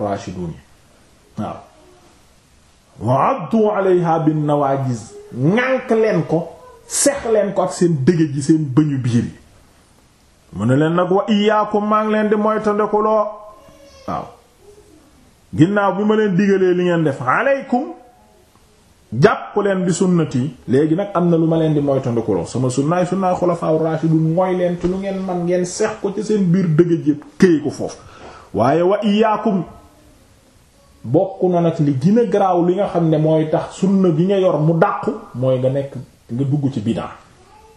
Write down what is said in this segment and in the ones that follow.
rashidun waaw wa addu alayha waa gis ŋànk leen ko sex leen ko ak seen dëgëj ji seen bëñu biir yi mu ne leen nag wa iyaakum maa ngi leen di moytandekuloo waaw ginnaaw bi ma leen digalee li ngeen def aleykum jàpp leen bi sunnati léegi nag am na lu ma leen di moytandekuloo suma sunnaay sunnaay xulafaa rashidun mooy leen ci lu ngeen man ngeen sex ko ci seen biir dëgëj yépp këye ko foofu waaye wa iyaakum bokk na nag li gën garaaw li nga xam ne mooy tax sunna bi nga yor mu dàqu mooy nga nekk nga dugg ci biddaa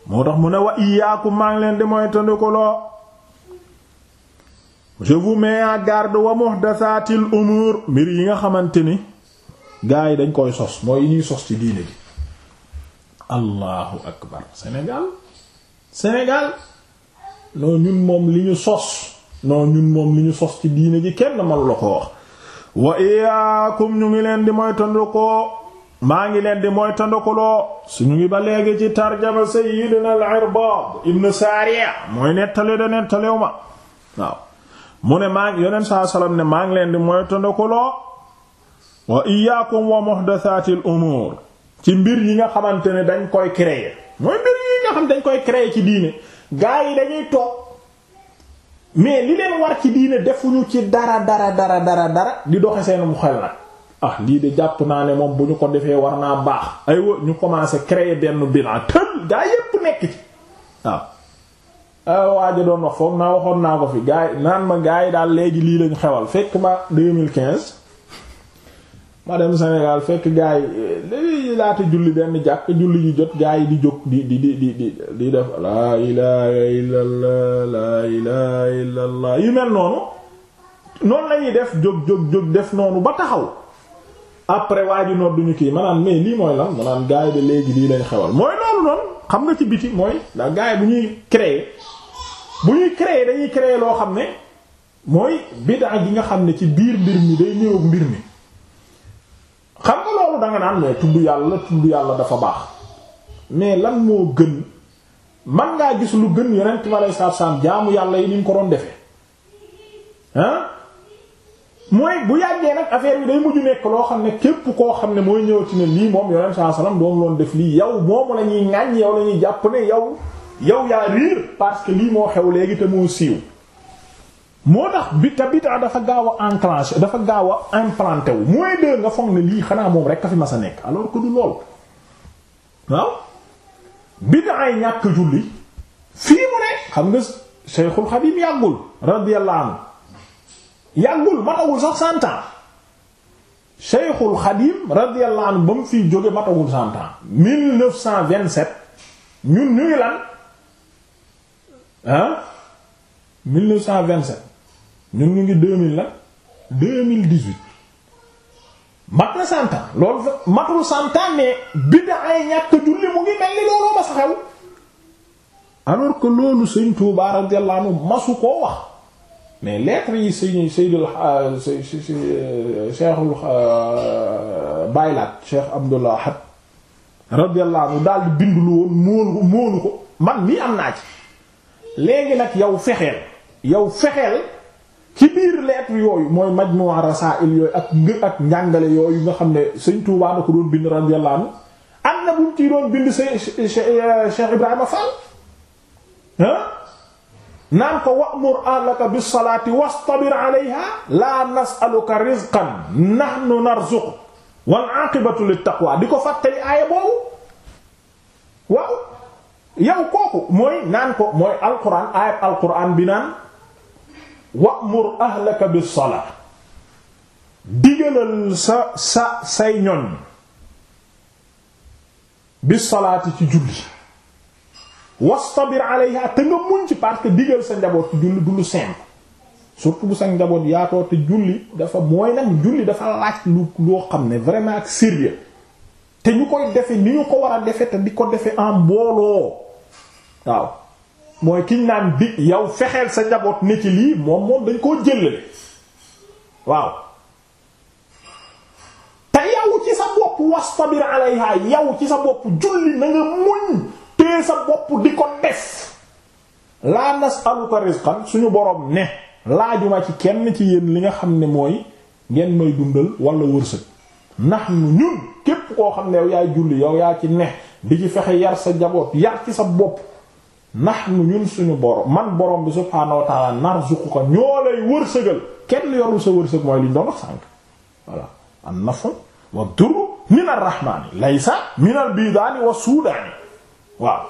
moo tax mu ne wa iyaakum maa leen di mooy tëndikuloo je vous mets en garde wa muhdathatil umur mbir yi nga xamante ni gaa yi dañ koy sos mooy yi ñuy sos ci diine gi allahu akbar Sénégal Sénégal non ñun moom li ñu sos non ñun moom li ñu sos ci diine gi kenn mënu la ko wax wa iyaakum ñu ngi leen di moytandikoo maa ngi leen di moytandikuloo suñu ngi ba léegi ci tarjama sayyidina al-Irbaad ibn Saariya mooy nettali da nettaliw ma waaw mu ne maa ngi yoneen saa salaam ne maa ngi leen di moytandikuloo wa iyaakum wa muhdathaatil umuur ci mbir yi nga xamante ne dañ koy créer mooy mbir yi nga xam dañ koy créer ci diine gaa dañuy toog mais li leen war ci diine defuñu ci dara dara dara dara dara di doxe seen mu xel nag ah lii de jàpp naa ne moom bu ñu ko defee war naa baax aywa ñu commencé créer benn bilan tël gaa yépp nekk ci waaw ah. ah, waaja doon wax foog naa waxoon naa ko fi gaa yi naan ma gaa yi daal léegi lii lañ xewal fekk ma 2015 ma dem Sénégal fekk gars yi eh, laata julli benn jàkk julli ji jot gars yi di jóg di di di di di di def laa ilaha illallah laa ilaha illallah yu mel noonu noonu lañuy def jóg jóg jóg def noonu ba taxaw après waa ji noor duñu kii maanaam mais lii mooy lan maanaam gars yi de léegi lii lañ xewal mooy loolu noonu xam nga ci biti mooy ndax gars yi bu ñuy créer bu ñuy créer dañuy créer loo xam ne mooy bid'a gi nga xam ne ci biir mbir mi day ñëw mbir mi loolu da nga naan mais tudd yàlla tudd yàlla dafa baax mais lan moo gën man ngaa gis lu gën yonent bi aleyhi salaatu salaam jaamu yàlla yi ni ko doon defe ah mooy bu yàggee nag affaire yi day mujj nekk loo xam ne képp koo xam ne mooy ñëwati ne lii moom yonent saa salaam doon loon def lii yow moomu la ñuy ŋaññ yow la ñuy jàpp ne yow yow yaa riir parce que lii moo xew léegi te moo siiw. moo tax bi ta bid'a dafa gaaw a enclenché dafa gaaw a implanté wu mooy de nga foog ne lii xanaa moom rek ka fi mas a nekk alors que du lool waaw bid'a yi ñàkk julli fii mu ne xam nga Cheikhul Khadim yàggul radiyallahu anhu yàggul matawul sax cent ans Cheikhul Khadim radiyallahu ba mu fiy jóge matawul cent ans 1927 ñun ñu ngi lan ah ñun ñu ngi deux mille la deux mille dix-huit mat na cent ans loolu matul cent ans mais biddaay ñàkk julli mu ngi mel ni looloo ma sa xew alors que loolu sëñ Touba radiyallahu masu koo wax mais lettres yi sëñ Seydul euh, euh, Cheikhul euh, Baylaat Cheikh Abdullah Had radiyallahu anhu daal di bind lu woon moonu moonu ko man mii am naa ci léegi nag yow fexeel yow fexeel ci biir lettre yooyu mooy majmu'a rasail yooyu ak ngir ak njàngale yooyu nga xam ne sëñ Touba ko doon bind radiyallahu anhu am na bu mu ciy doon bind sëñ Cheikh Ibrahima Fall naan ko wa'mur ahlaka bis salaati wastabir alayha la nas'aluka rizqan nahnu narzuqu wal aqibatu lit taqwa di ko fàttali aaya boobu waaw yow kooku mooy naan ko mooy alquran aayat alquran bi naan wa'mur ahlaka bis salaa digalal sa sa say ñoñ bis salaati ci julli wastabir alayha te nga muñ ci parce que digal sa njaboot ci julli du lu simple surtout bu sa njaboot yaatoo te julli dafa mooy nag julli dafa laaj lu loo xam ne vraiment ak sérieux te ñu koy defe ni ñu ko war a defe te di ko defe en mbooloo waaw mooy kiñ naan bi yow fexeel sa njaboot ne ci lii moom moom dañ koo jëllale waaw te yow ci sa bopp wastabir alayha yow ci sa bopp julli na muñ tee sa bopp di ko def laa nas'aluka rizqan suñu borom ne laajuma ci kenn ci yéen li nga xam ne mooy ngeen may dundal walla wërsëg ndax nu ñun képp koo xam ne yow yaay julli yow yaa ci ne di ci fexe yar sa njaboot yar ci sa bopp nahnu ñun suñu borom man borom bi subhaanahu wa ta'ala narzuqu ko ñoo lay wërsëgal kenn yorul sa wërsëg mooy li ñu doon wax sànq voilà an nafu wa durru min ar-rahmaani laysa min al-biidaani wa suudaani waaw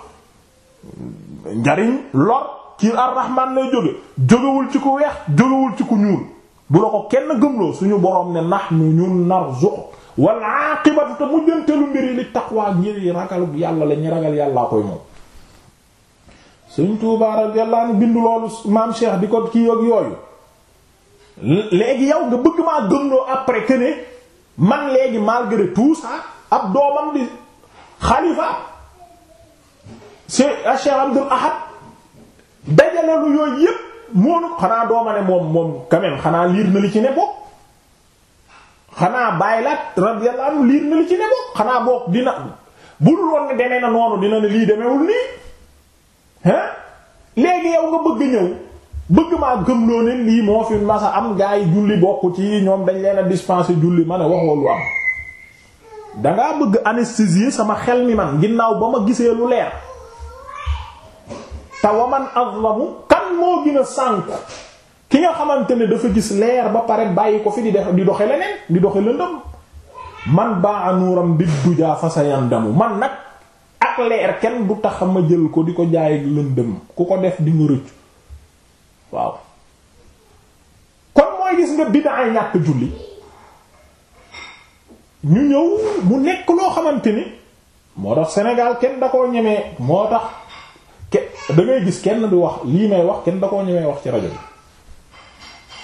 njariñ lor ci ar-rahmaan jóge jógewul ci ku weex jógewul ci ku ñuul bu la ko kenn gëmloo suñu borom ne nahnu ñun narzuqu wal aaqibatu te mujjante lu mbiri li taqwa ngir ragal yàlla la ñi ragal yàllaa koy moom Sëriñ Tuubaa radiyallahu anhu bindu loolu maam Cheikh di ko kii ak yooyu léegi yow nga bëgg maa gëmloo après que ne man léegi malgré tout ça ab doomam di xalifa Cheikh Cheikh Abdul Ahad dajale lu yooyu yépp moonu xanaa dooma ne moom moom quand xanaa liir na li ci ne bokk xanaa bàyyi laat radiyallahu anhu liir na li ci ne bokk xanaa bokk dina bu dul woon ne demee na noonu dina ne lii demewul nii hein léegi yow nga bëgg ñëw bëgg maa gëm loo lii moo fi masa am gaa yi julli bokk ci ñoom dañ leen a dispenser julli ma ne waxoo lu am dangaa bëgg anesthésier sama xel mi man ginnaaw ba ma gisee lu leer te waman azlamu kan moo gën a sànk ki nga xamante ne dafa gis leer ba pare bàyyi ko fi di def di doxe leneen di doxe lëndëm man baa anuuram bid dujaa fa sa yandamu man nag ak leer kenn du tax ma jël ko di ko jaay lëndëm ku ko def di nga rëccu waaw kon mooy gis nga biddaa ñàkk julli ñu ñëw mu nekk loo xamante ni moo tax Sénégal kenn da koo ñemee moo tax ke da gis kenn du wax lii may wax kenn da koo ñemee wax ci rajo bi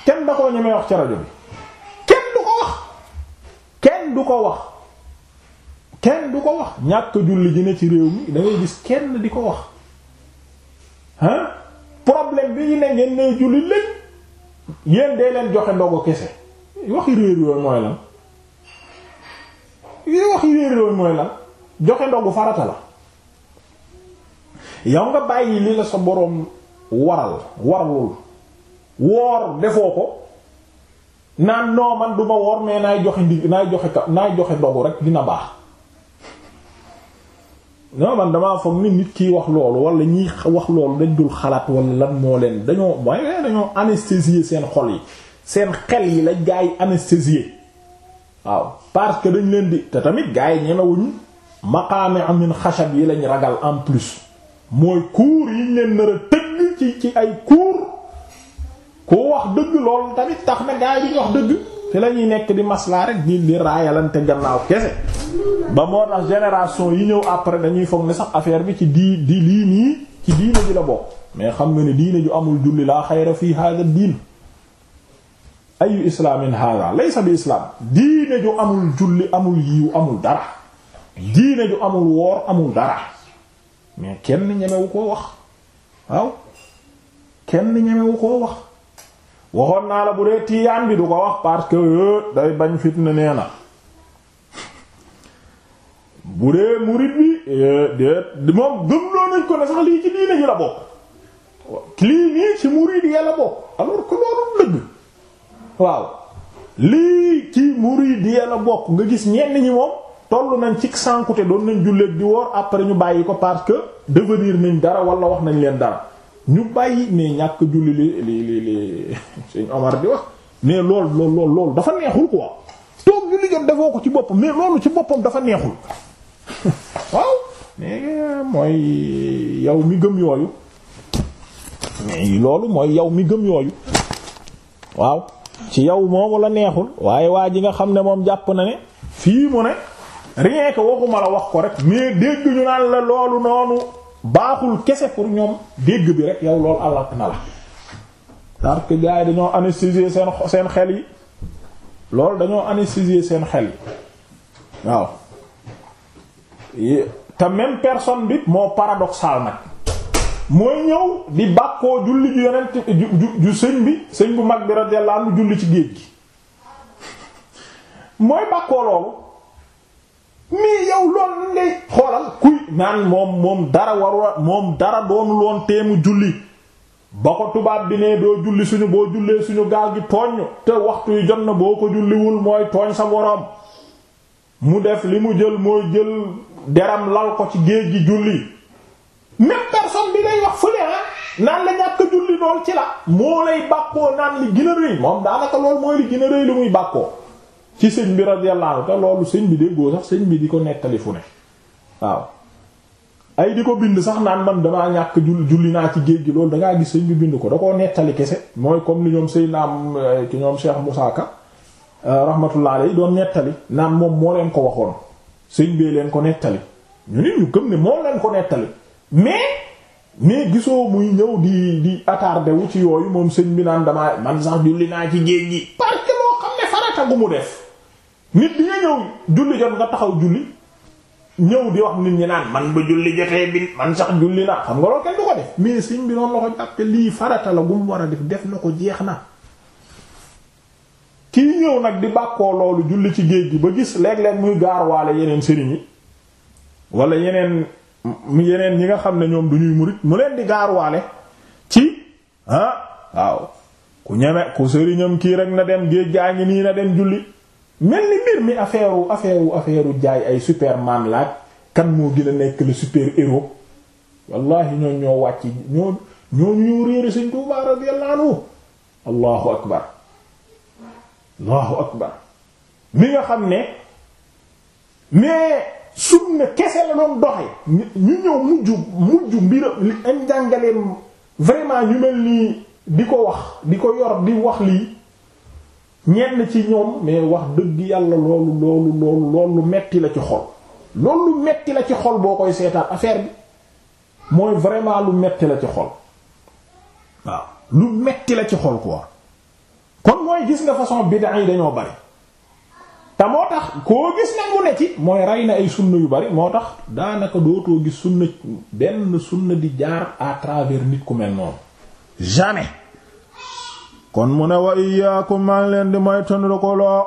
kenn da koo ñemee wax ci rajo bi kenn du ko wax kenn du ko wax kenn du ko wax ñàkk julli ji ne ci réew mi dangay gis kenn di ko wax ah problème bi ñu ne ngeen ne julli lañ yéen dee leen joxe ndogo kese waxi réer yooyu mooy lan waxi réer yooyu mooy lan joxe ndogu farata la yow nga bàyyi li la sa boroom waral waralul woor defoo ko naan noo man duma ma woor mais naay joxe ndig naay joxe ka naay joxe ndogu rek dina baax non man damaa foog ni nit kiy wax loolu wala ñiy wax loolu dañ dul xalaat wala lan moo leen dañoo mooy dañoo anesthésier seen xol yi seen xel yi la gaa yi anesthésier waaw parce que dañ leen di te tamit gaa yi ñemewuñ maqaami amin xashab yi lañ ragal en plus mooy cours yi leen nar a tëgg ci ci ay cours ku wax dëgg loolu tamit tax na gaa yi di wax dëgg. fi la ñuy nekk di maslaa rek di di raayalante gannaaw kese ba moo tax génération yi ñëw après dañuy foog ne sax affaire bi ci di di lii nii ci diine ji la bokk mais xam nga ne diine ju amul julli laa fii hada diin ayu islaam diine ju amul amul yiw amul dara diine ju amul woor amul dara mais kenn ñemewu koo wax waaw kenn ñemewu koo wax waxoon naa la bu dee tiijaan bi du ko wax parce que euh, day bañ fitna nee na bu dee murid bi euh, moom gëmloo nañ ko ne sax lii ci diine ji la bokk lii nii ci murid yi la bokk alors que loolu dëgg waaw lii ci murid yi la bokk nga gis ñenn ñi moom toll nañ ci sànkute doon nañ julleek di woor après ñu bàyyi ko parce que devenir nañ dara wala wax nañ leen dara ñu bàyyi mais ñàkk julli li li li li sëñ Omar di wax mais lool lool lool loolu dafa neexul quoi toog julli jot defoo ko ci boppam mais loolu ci boppam dafa neexul waaw mais mooy yow mi gëm yooyu loolu mooy yow mi gëm yooyu waaw ci yow moomu la neexul waaye waa ji nga xam ne moom jàpp na ne fii mu ne rien que waxuma la wax ko rek mais dégg ñu naan la loolu noonu baaxul kese pour ñoom dégg bi rek yow loolu àllak na la parce que gars yi dañoo anesthésier seen xel yi loolu dañoo anesthésier seen xel yi waaw te même personne bi moo paradoxal nag mooy ñëw di bàkkoo julli ju yonent ju sëñ bi sëñ bu mag bi radiyallahu julli ci géej gi mooy bàkkoo loolu mii yow lool ngay xoolal kuy naan moom moom dara warula moom dara doonul woon teemu julli ba ko tubaab bi ne doo julli suñu boo jullee suñu gaal gi tooñ te waxtu yu jot na boo ko julliwul mooy tooñ sa boroom mu def li mu jël mooy jël deram lal ko ci géej gi julli même personne bi lay wax fële ah, naan la ñàkk julli lool ci la moo lay bàkkoo naan li gën rëy moom daanaka lool mooy li gën rëy li muy bàkkoo ci sëñ bi radiyallahu te loolu sëñ bi déggoo sax sëñ bi di ko nettali fu ne waaw ay di ko bind sax naan man damaa ñàkk julli julli naa ci géej gi loolu dangaa gis sëñ bi bind ko dakoo nettali kese mooy comme ni ñoom sëy naam eh, ki ñoom Cheikh Moussa Ka eh, rahmatullah alayhi doon nettali naan moom moo leen ko waxoon sëñ bee leen ko nettali ñu nit ñu gëm ne moo leen ko nettali mais mais gisoo muy ñëw di di attardé wu ci yooyu moom sëñ bi naan damaa man sax julli naa ci géej gi mu def nit di ñëw julli jot nga taxaw julli ñëw di wax nit ñi naan man ba julli jotee bi man sax julli naa xam nga loolu kenn du ko def mais siñ bi noonu la ko jàpp te lii farata la gum war a def def na ko jeex na kii ñëw nag di bàkkoo loolu julli ci géej gi ba gis léeg-léeg muy gaarwaale yeneen sëriñ yi wala yeneen yeneen ñi nga xam ne ñoom du ñuy murit mu leen di gaaruwaale ci ah waaw ku ñeme ku sëriñam kii rek na dem géej gaa ngi nii na dem julli mel ni mbir mi affaire wu affaire wu affaire wu jaay ay superman laaj kan moo gën a nekk le super héros wallahi ñoo ñoo wàcc ñoo ñoo ñoo réere Sëriñ Tuubaa allahu akbar allahu akbar mi nga xam ne mais sunna kese la doon doxe ñu ñëw mujj mujj mbir am njàngaleem vraiment ñu mel nii di ko wax di ko yor di wax lii ñenn ci ñoom mais wax dëgg yàlla loolu loolu loolu loolu metti la ci xol loolu metti la ci xol boo koy seetaan affaire bi mooy vraiment lu metti la ci xol waaw lu metti la ci xol quoi kon mooy gis nga façon bid'a yi dañoo bari te moo tax koo gis nag mu ne ci mooy rey na ay sunna yu bari moo tax daanaka dootoo gis sunna benn sunna di jaar à travers nit ku mel noonu jamais kon mu ne wa iyaakum maa ngi leen di mooy tondkoloo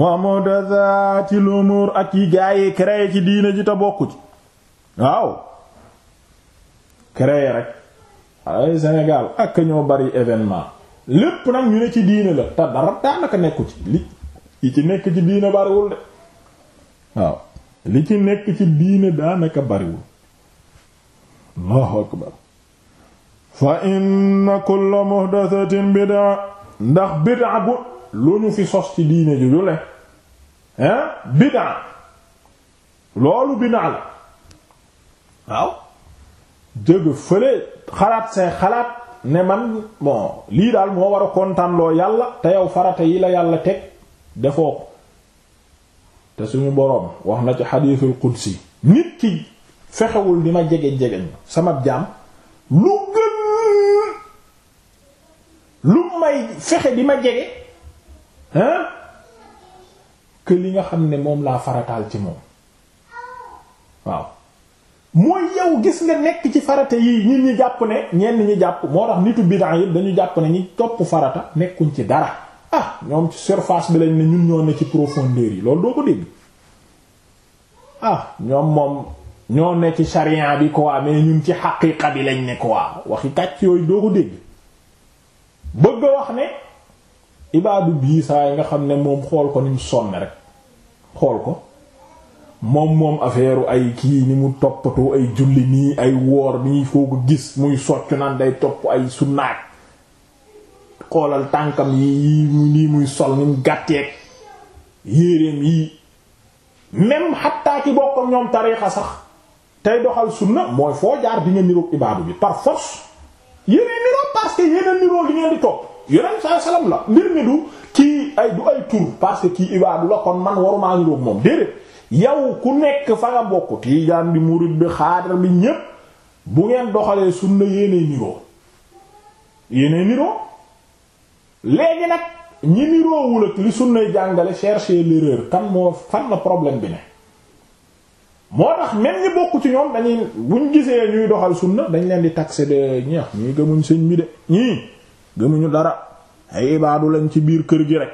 wa muhdathatil umur ak yi gaayi créé ci diine ji te bokku ci waaw créé rek ay Sénégal ak ñoo bari événement lépp nag ñu ne ci diine la te dara daanaka nekku ci li li ci nekk ci diine bariwul de waaw li ci nekk ci diine daanaka bariwul fa inna kulla muhdathatin bid'a ndax bid'a bu lu ñu fi sos ci diine ju ju le hein bid'a loolu bid'a la waaw jëgg fële xalaat say xalaat ne man bon lii daal moo war a kontaan yàlla te yow farata yi la yàlla teg defoo ko te suñu boroom wax na ci xadiisul qudsi nit ki fexewul di ma jege jegeñ sama jaam lu fexe bi ma jege hein que li nga xam ne moom laa farataal ci moom waaw mooy yow gis nga nekk ci farata yi nit ñi jàpp ne ñenn ñi jàpp moo tax nitu bid'a yëpp dañu jàpp ne ñi topp farata nekkuñ ci dara ah ñoom ci surface bi lañ ne ñun ñoo ne ci profondeur yi loolu doo ko dégg ah ñoom moom ñoo ne ci charia bi quoi mais ñun ci xaqiqa bi lañ ne quoi waxi kàcc yooyu doo ko dégg bëgg a wax ne ibaadu bii saa yi nga xam ne moom xool ko ni mu sonn rek xool ko moom moom affaire ay kii ni mu toppatoo ay julli nii ay woor nii foo ko gis muy soccu naan day topp ay sunnaat xoolal tànkam yi nii muy sol ni mu gàtteeg yéreem yi même xattaa ci ñoom tariixa sax tey doxal sunna mooy foo jaar di nga niroog ibaadu bi par force yéenee niroo parce que yéenee niroo li ngeen di topp yonent saa salaam la mbir mi du kii ay du ay tur parce que kii ibaadu la kon man warumaa niroog moom déedéet yow ku nekk fa nga bokk tiijaan bi murid bi xaadar bi ñépp bu ngeen doxalee sunna yéenee niroo yéenee niroo léegi nag ñi niroowul ak li sunnay jàngale chercher l'erreur kan moo fan la problème bi ne moo tax même ñi bokk ci ñoom dañuy buñ gisee ñuy doxal sunna dañ leen di taxé de ñi wax ñii gëmuñ sëñ bi de ñii gëmuñu dara ay ibaadu lañ ci biir kër gi rek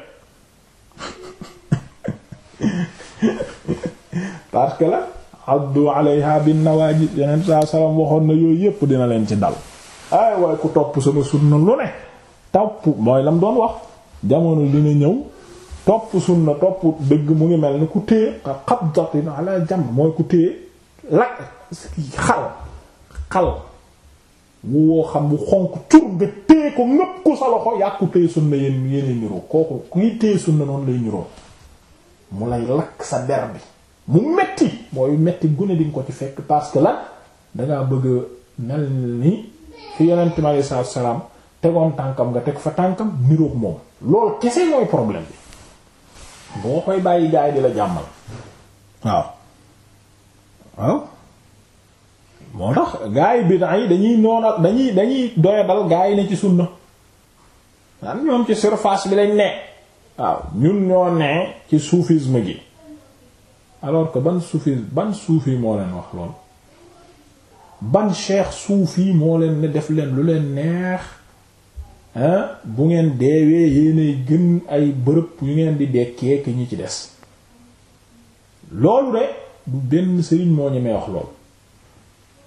parce que la addu alayha bin nawaji yeneen saa salaam waxoon na yooyu yépp dina leen ci dal ay waaye ku topp sama sunna lu ne topp mooy lam doon wax jamono dina ñëw topp sunna topp dëgg mu ngi mel ni ku téye ka qabdatin ala jam mooy ku téye xal xal woo xam bu xonq cur nga téye ko ngëpp ko sa loxo yaa téye sunna yéen yéen niroo kooku ku ngi téye sunna noonu lay niroo mu lay lakk sa der bi mu metti mooy metti gune di ko ci fekk parce que lan dangaa bëgg mel ni fi yonent mi alei salaam tegoon tànkam nga teg fa tànkam niroog moom loolu kese mooy problème bi boo koy bàyyi gaay di la jàmmal waaw waaw moo tax gaay bid'a yi dañuy noonal dañuy dañuy doyadal gaay ne ci sunna naan ñoom ci surface bi lañ ne waaw ñun ñoo ci soufisme gi alors que ban soufi ban soufi moo leen wax lool ban cheikh soufi moo leen def leen lu leen neex bu ngeen deewee yéenay gën ay bërëb yu ngeen di dekkee ki ñu ci des loolu de du benn sëriñ moo ñemee wax lool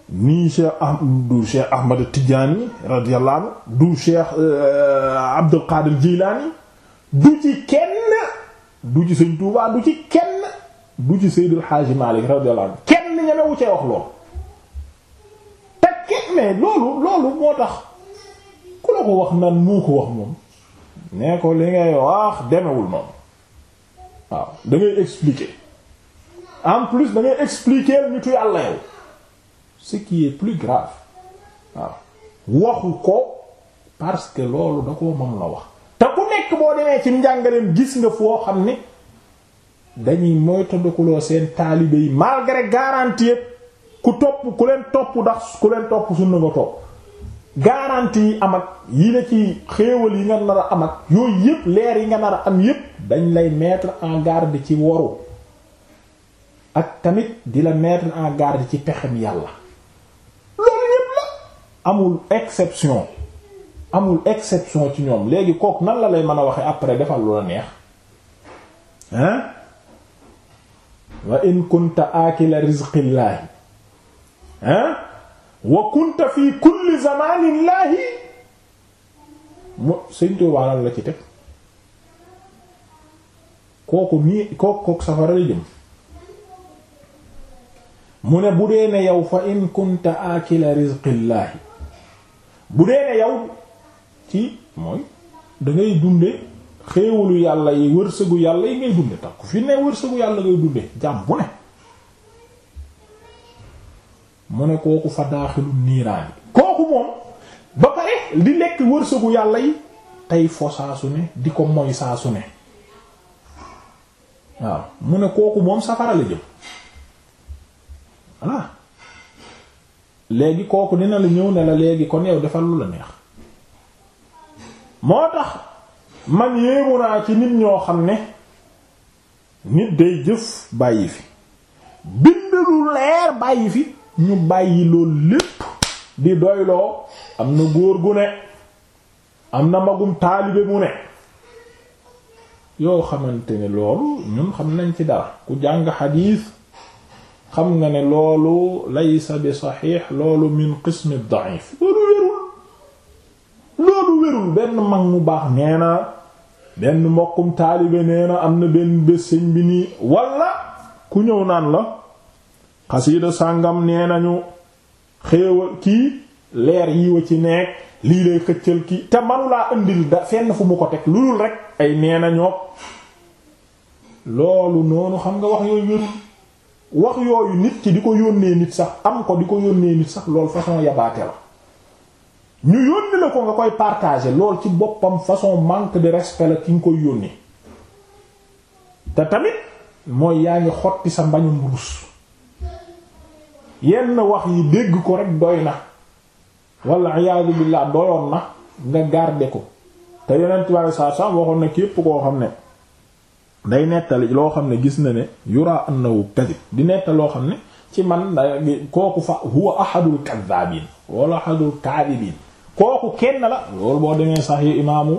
nii cheikh ahmad du cheikh ahmad tijaani radiyallahu anhu du cheikh euh, abdul qadir jilaani du ci kenn du ci sëñ tuubaa du ci kenn du ci seydul xaaji maalik radiyallahu anhu kenn ñemewu cee wax lool te kenn mais loolu loolu moo tax la ko wax naan moo ko wax moom nee ko li ngay wax demewul noonu waaw da ngay expliquer en plus da ngay expliquer nitu yàlla yow ce qui est plus grave waaw waxu ko parce que loolu da koo mën la wax te ku nekk boo demee ci njàngaleen gis nga foo xam ne dañuy moytandikuloo seen taalibe yi malgré garantie ku topp ku leen topp ndax ku leen topp sunna nga topp garantie yi am ak yi la ci xéewal yi nga nar a am ak yooyu yépp leer yi nga nar a am yépp dañ lay mettre en garde ci woru ak tamit di la mettre en garde ci pexem yàlla loolu yépp la amul exception amul exception ci ñoom léegi kook nan la lay mën a waxe après defal lu la neex hein wa in kunta akila rizqillahi hein wa kunta fi kulli zamanin laahi mu sëñ la ci teg kooku nii kooku kooku safara la jëm mu ne bu dee ne yow fa in kunta akila rizqillaahi bu dee ne yow ci mooy dangay dunde xéewalu yàlla yi wërsëgu yàlla yi ngay dunde tax fi ne wërsëgu yàlla ngay dunde jàmm bu ne mu ne kooku fa daaxilu niiraan kooku moom ba pare di lekk wërsëgu yàlla yi tey fo saa ne di ko moy saa su ne waaw mu ne kooku moom safara jëm léegi kooku dina la ñëw ne la léegi kon yow defal lu la neex moo tax man yéemu naa ci nit ñoo xam ne nit day jëf bàyyi fi bind lu leer bàyyi fi ñu bàyyi loolu lépp di doyloo am na góor gu ne am na magum taalibe mu ne yoo xamante ne loolu ñun xam nañ ci dara ku jàng xadiis xam nga ne loolu laysa bi saxiix loolu min qismi daif loolu wérul loolu wérul benn mag mu baax nee na benn mbokkum taalibe nee na am na benn bés sëñ bi nii walla ku ñëw naan la xasiida sàngam nee nañu xéewal kii leer yiwa ci nekk lii lay xëccal ki te manulaa indil da fenn fu mu ko teg lu dul rek ay nee nañoo loolu noonu xam nga wax yooyu wérul wax yooyu nit ki di ko yónnee nit sax am ko di ko yónnee nit sax loolu façon yabaate la ñu yónni la ko nga koy partager lool ci boppam façon manque de respect la ki nga koy yónnee te tamit mooy yaa ngi xotti sa mbañu mbuus yenn wax yi dégg ko rek doy na wala iyaadu billah doyoon na nga garder ko te yonent bi saa saa waxoon na képp koo xam ne day nettali loo xam ne gis na ne yura annahu kadib di nettal loo xam ne ci man kooku fa huwa ahadul kadhabin wala ahadul kadibin kooku kenn la loolu boo demee sax yi imaamu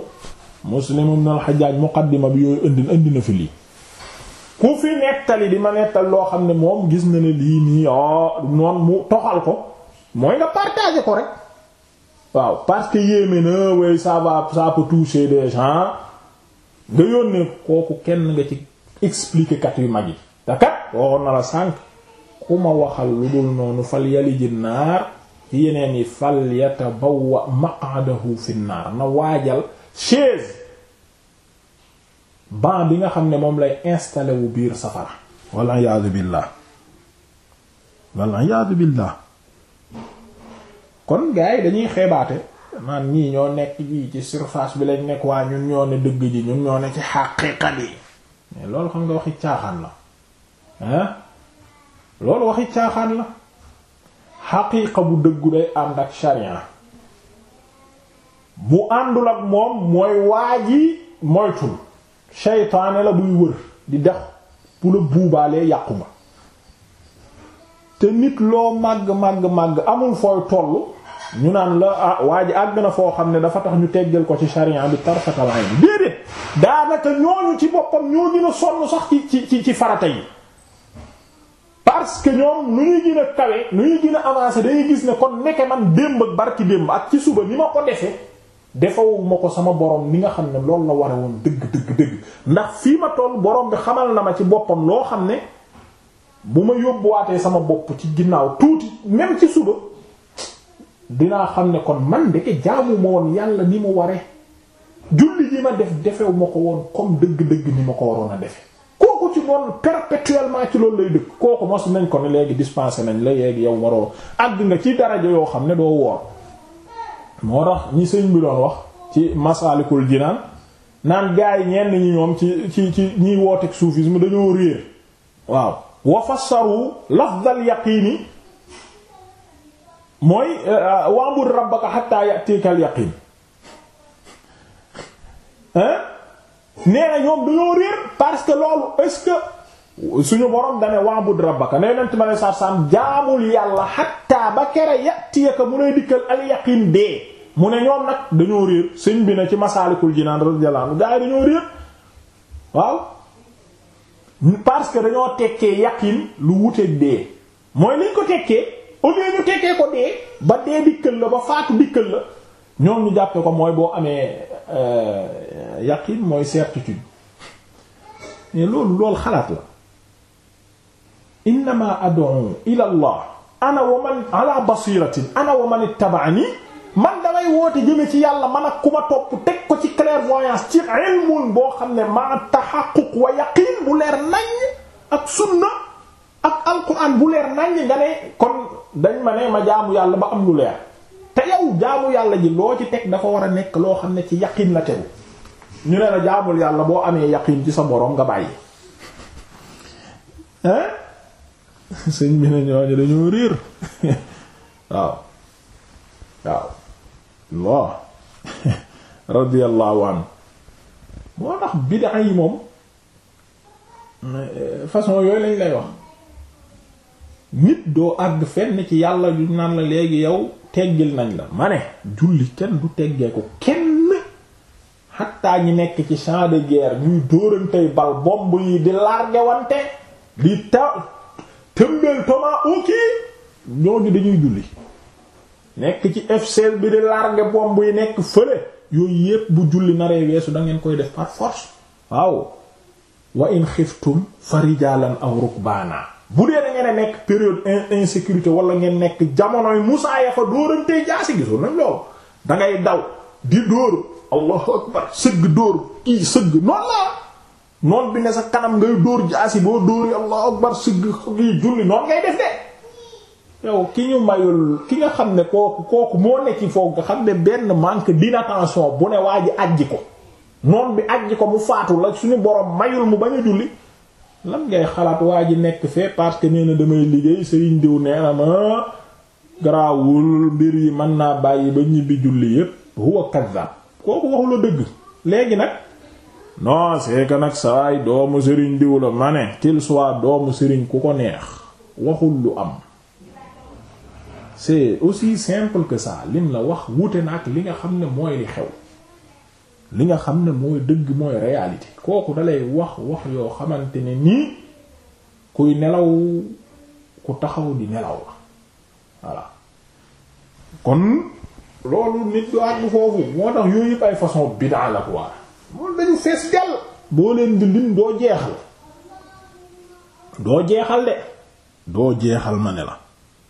muslim ibn al-hajjaj bi yooyu indi indi na fi lii ku fi nettali di ma nettali loo xam ne moom gis na ne lii nii ah noonu mu toxal ko mooy nga partager ko rek waaw parce yéeme na way ça va toucher des gens nga yónnee kooku kenn nga ci expliquer kat yu mag yi te kat waxoon na la sànq ku ma waxal lu dul noonu fal yaliji naar ci yeneen yi fal yatabawwa maq'adahu fi naar na waajal chaise ban bi nga xam ne moom lay installé wu biir safara walla iyaadu billaah walla iyaadu billaah kon gars yi dañuy xeebaate man ñi ñoo nekk ji ci surface bi lañ nekk waa ñun ñoo ne dëgg ji ñun ñoo ne ci xaqiqa bi mais loolu xam nga waxi caaxaan la ah loolu waxi caaxaan la xaqiqa bu dëggu day ànd ak sharia bu àndul ak moom mooy waa ji moytul seytaane la buy wër di dex bu la buubaalee yàqu ma te nit loo màgg màgg màgg amul fooy tollu ñu naan la ah waa ji àgg na foo xam ne dafa tax ñu teggal ko ci sharia bi tarfatalaay bi déedéet daanaka ñooñu ci boppam ñoo gën a sax ci ci ci farata yi parce que ñoom nu ñuy gën a kawe nu ñuy gën a dañuy gis ne kon nekke man démb ak barki démb ak ci suba ni ma ko defee defawuma ko sama borom mi nga xam ne loolu la ware woon dëgg dëgg dëgg ndax fii ma toll borom bi xamal na ma ci boppam loo xam ne bu ma yóbbuwaatee sama bopp ci ginnaaw tuuti même ci suba dinaa xam ne kon man ndeke jaamuma woon yàlla ni mu ware julli ji ma def defew ma ko woon comme dëgg-dëgg ni ma ko waroon a defe kooku ci noonu perpétuellement ci loolu lay dëkk kooku mos nañ ko ne léegi dispensé nañ la yeegi yow waroo àgg nga ci daraja yoo xam ne doo woor moo tax ñi sëñ bi doon wax ci masaalikul jinaan naan gaa yi ñenn ñi ñoom ci ci ci ñiy wooteeg soufisme dañoo réer waaw wa fassaru lafdal yaqiini mooy euh, wa'bud rabbaka hatta ya'tikal yaqiin nee na ñoom dañoo réer parce que loolu est que suñu borom dane wa'bud rabbaka nee nañ ma ne sax saam jaamul yàlla hatta ba kere yatiyaka mu lay dikkal al yaqin dee mu ne ñoom nag dañoo réer sëñ bi na ci masaalikul jinaan radiyallahu anhu gaa yi dañoo réer waaw parce que dañoo tekkee yaqin lu wute dee mooy liñ ko tekkee au lieu ñu tekkee ko dee ba dee dikkal la ba faatu dikkal la ñoom ñu jàppe ko mooy boo amee euh, yaqin mooy certitude mais loolu loolu xalaat la. innama ad'u ila allah ana wa man ala basiratin ana wa man ittaba'ani man damay woote jëme ci yàlla man ak ku ma topp teg ko ci clairvoyance ci ilmun boo xam ne ma tahaqquq wa yaqin bu leer nañ ak sunna ak alquran bu leer nañ nga ne kon dañ ma ne ma jaamu yàlla ba am lu leer te yow jaamu yàlla ji loo ci teg dafa war a nekk loo xam ne ci yaqin la tegu ñu ne la jaamul yàlla boo amee yaqin ci sa boroom nga bàyyi sëñ bi ne ñooñu dañoo réer waaw waaw Allah radiyallahu anhu moo tax bid'a yi moom eh, façon yooyu lañ lay wax nit doo àgg fenn ci yàlla yu naan la léegi yow teggil nañ la mane ne julli kenn du teggee ko kenn xattaa ñi nekk ci champ de guerre ñuy dóorantey bal bomb yi di largewante di ta tëmbeel toma uki ñooñu dañuy julli nekk ci fcl bi di larguer bombe yi nekk fële yooyu yépp bu julli naree weesu da ngeen koy def par force waaw wa in xiftum fa rijalan aw rukbaana bu dee da a nekk période insécurité wala ngeen nekk jamonoy Musaa ya fa dóorantey jaasi gisoon nañ loolu da ngay daw di dóor allahu akbar sëgg dóor kii sëgg noonu la noon bi ne sa kanam ngay dóor jaasi boo dóori allahu akbar sigg ngi julli noon ngay def de yow ki ñu mayul ki nga xam ne kooku kooku moo nekk ci foofu nga xam ne benn manque d'inattention bu ne waa ji ajji ko noon bi ajji ko mu faatu la suñu borom mayul mu bañ a julli lan ngay xalaat waa ji nekk fee parce que nee na damay liggéey sëriñ diw nee na ma garaawul mbir yi mën naa bàyyi ba ñibbi julli yépp huwa kaddaab kooku waxula dëgg léegi nag non c'est que nag saay doomu sëriñ diw la ma ne soit doomu sëriñ ku ko neex waxul lu am c'est aussi simple que saa lim la wax wuute na ak li nga xam ne mooy xew li nga xam ne mooy dëgg mooy réalité kooku dalay wax wax yoo xamante ne nii kuy nelaw ku taxaw di nelaw la voilà kon loolu nit du àgg foofu moo tax yooyu yëpp ay façon bid'a la quoi moom dañu fees dell boo leen di lim doo jeexal doo jeexal de doo jeexal ma ne la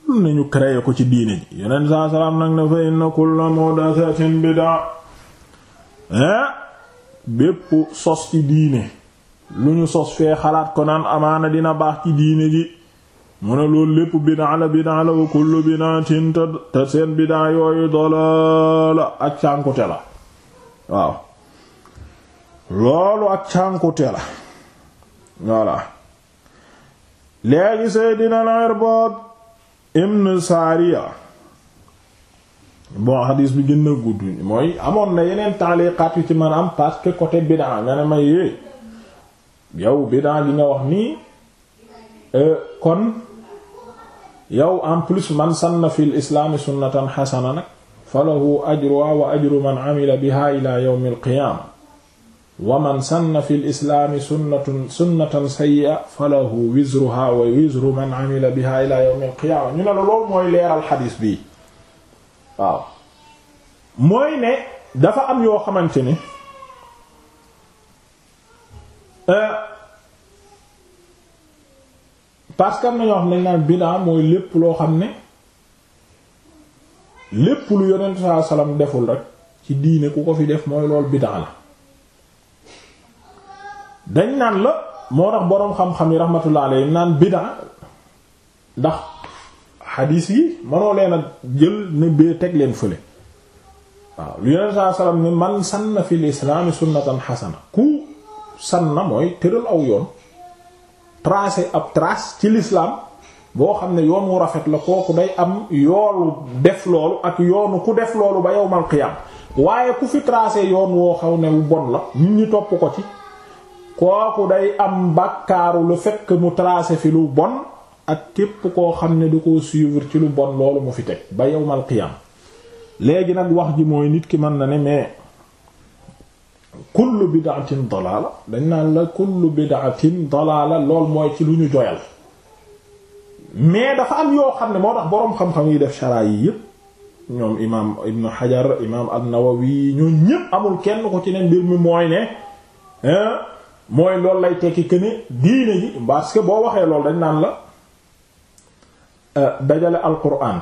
lu ne ñu créé ko ci diine ji yeneen saa salaam nag na fa inna kulla muhdathatin bid'a hein bépp sos ci diine lu ñu sos fee xalaat ko naan amaana dina baax ci diine ji mu ne loolu lépp bid'a la bid'a la wa kullu bid'atin te seen bid'a yooyu dalaala ak cànkute la waaw loolu ak cànkute la voilà léegi Seydina al-Irbaad ibn Saariya bon xadiis bi gën na gudd mooy amoon na yeneen taaliqaat yu ci mën am parce que bidaa nga ne ma yee yow bidaa gi nga wax nii euh, kon yow en plus man sanna fil islaami sunnatan xasana nag falahu ajruha wa ajru man amila biha ila yawmil qiyaama wa man sanna fi lislaami sunnatun sunnatan sayyi'a falahu wizruha wa wizru man amila biha ila yawm alqiyaama ñu bi waaw mooy ne dafa am yoo xamante ni euh, parce que am na ñoo xam ne naan bidaa mooy lépp loo xam ne lépp lu yonent sallam deful rek ci diine ku ko fi def mooy loolu bidaa la dañ naan la moo tax boroom xam-xam yi rahmatullah alayhi naan bidaa ndax xadiis yi mënoo leen a jël ne teg leen fële waaw lu yeneen saa salaam ne man sanna fil islaami sunnatan xasana ku sanna mooy tëral aw yoon tracé ab trace ci l'islam boo xam ne yoon wu rafet la kooku day am yoolu def loolu ak yoonu ku def loolu ba yowmal qiyaam waaye ku fi tracé yoon woo xaw ne wu bon la nit ñi topp ko ci kooku day am bàkkaaru lu fekk mu tracé fi lu bon ak képp koo xam ne du ko suivre ci lu bon loolu mu fi teg ba yowmal qiyam léegi nag wax ji mooy nit ki mën na ne mais kullu bid'atin dalaala dañ naan la kullu bid'atin dalaala lool mooy ci lu ñu joyal mais dafa am yoo xam ne moo tax boroom xam-xam yi def sharaa yi yépp ñoom imaam ibnu Hajar imaam an-Nawawi ñoo ñépp amul kenn ko ci ne mbir mi mooy ne mooy loolu lay tekki que ne diine ji parce que boo waxee loolu dañ naan la euh, dajale alquran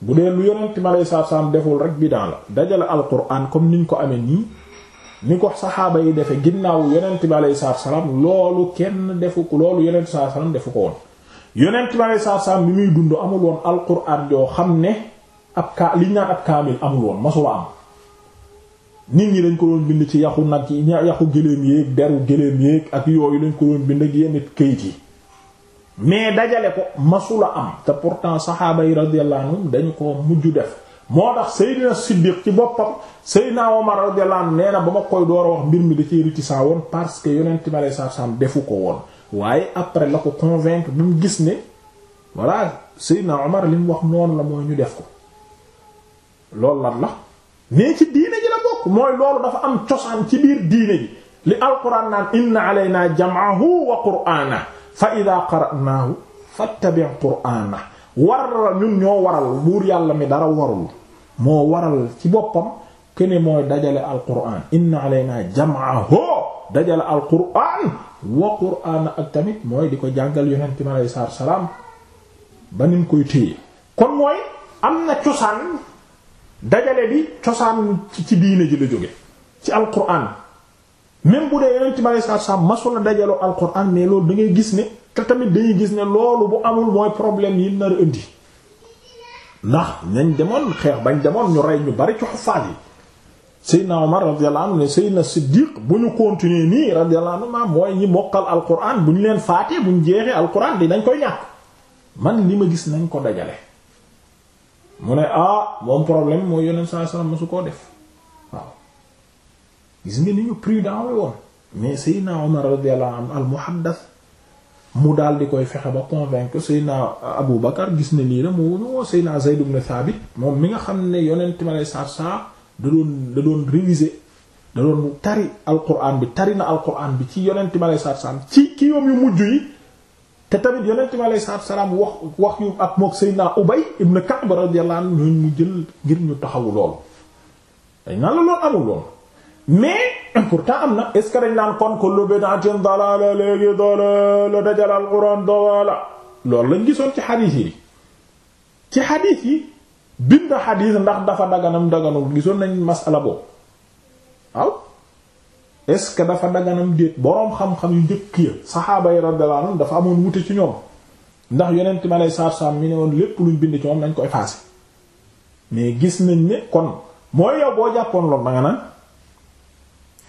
bu dee lu yonent mi aleyhi salaatu salaam deful rek bidaa la dajale alquran comme niñ ko amee nii ni ko saxaaba yi defe ginnaaw yonent mi aleyhi salaatu salaam loolu kenn defu ko loolu yonent salaatu salaam defu ko woon yonent mi aleyhi salaatu bi muy dund amul woon alquran joo xam ne ab ka li ñu naan ab kaamil amul woon masula am. nit ñi lañ ko doon bind ci yaxu nag yi yaxu gëléem yéeg deru gëléem yéeg ak yooyu lañ ko doon bind ak yenn këyit yi mais dajale ko masula am te pourtant saxaaba yi radiyallahu anhum dañu ko mujj def moo tax Seydina Siddiq ci boppam Seydina Omar radiyallahu anhu nee na ba ma koy door wax mbir mi da ci réticent woon parce que yonent bi alayhi salaam defu ko woon waaye après la ko convaincre ba mu gis ne voilà Seydina Omar li mu wax noonu la mooy ñu def ko loolu lan la mais ci diine ji la bokk mooy loolu dafa am cosaan ci biir diine ji li alquran naan inna alayna jam'ahu wa qur'ana fa idha qara'nahu fattabi' qur'ana war ñun ñoo waral buur yàlla mi dara warul moo waral ci boppam kene mooy dajale alquran inna alayna jam'ahu dajale alquran wa qur'ana tamit mooy di ko jàngal yonent mi alayhi salaam ba nim koy téye kon mooy am na cosaan dajale bi cosaan ci diine ji la jóge ci alquran même bu dee yonent bi aleyhi salaatu salaam masul na dajaloo alquran mais loolu da gis ne te tamit dañuy gis ne loolu bu amul mooy problème yi nar indi ndax nañ demoon xeex bañ demoon ñu rey ñu bari ci xuffaat yi Seydina Omar radiyallahu anhu ne Seydina Siddiq bu ñu continuer nii radiyallahu anhu mooy ñi mokkal alquran bu ñu leen faatee bu ñu jeexee alquran di dañ koy ñàkk man li ma gis nañ ko dajale mu ne ah moom problème mooy yonent saa salaam mosu koo def waaw gis nga ni ñu prudent la woon mais Seydina Omar radiyallahu anhu al muhaddas mu daal di koy fexe ba convaincre Seydina Abu Bakar gis ne lii la mu woo Seydina Zayd Thabit moom mi nga xam ne yonent ma lay saa saa da doon da doon réviser da doon tari Alquran bi tari na Alquran bi ci yonent ma lay saa saa ci kii yoom yu mujj yi. te tamit yonent bi alayhi salaatu salaam wax wax yu ak mook Seydina Ubay ibn Ka'b radiyallahu anhu ñooñu ñu taxawu loolu dañ naan amul loolu mais pourtant am na est ce que dañ naan kon kullu dalaala léegi dalaala dajal alxuraan dalaala loolu lañ gisoon ci xadiis yi ci xadiis yi bind xadiis ndax dafa daganam daganul gisoon nañ masala boobu waaw est-ce que dafa daganam déet boroom xam-xam yu njëkk ya saxaaba yi radiyallahu anhum dafa amoon wute ci ñoom ndax yonent ma lay saabsaab mi ne woon lépp luñ bind ci moom nañ ko effacé mais gis nañ ne kon mooy yow boo jàppoon loolu da nga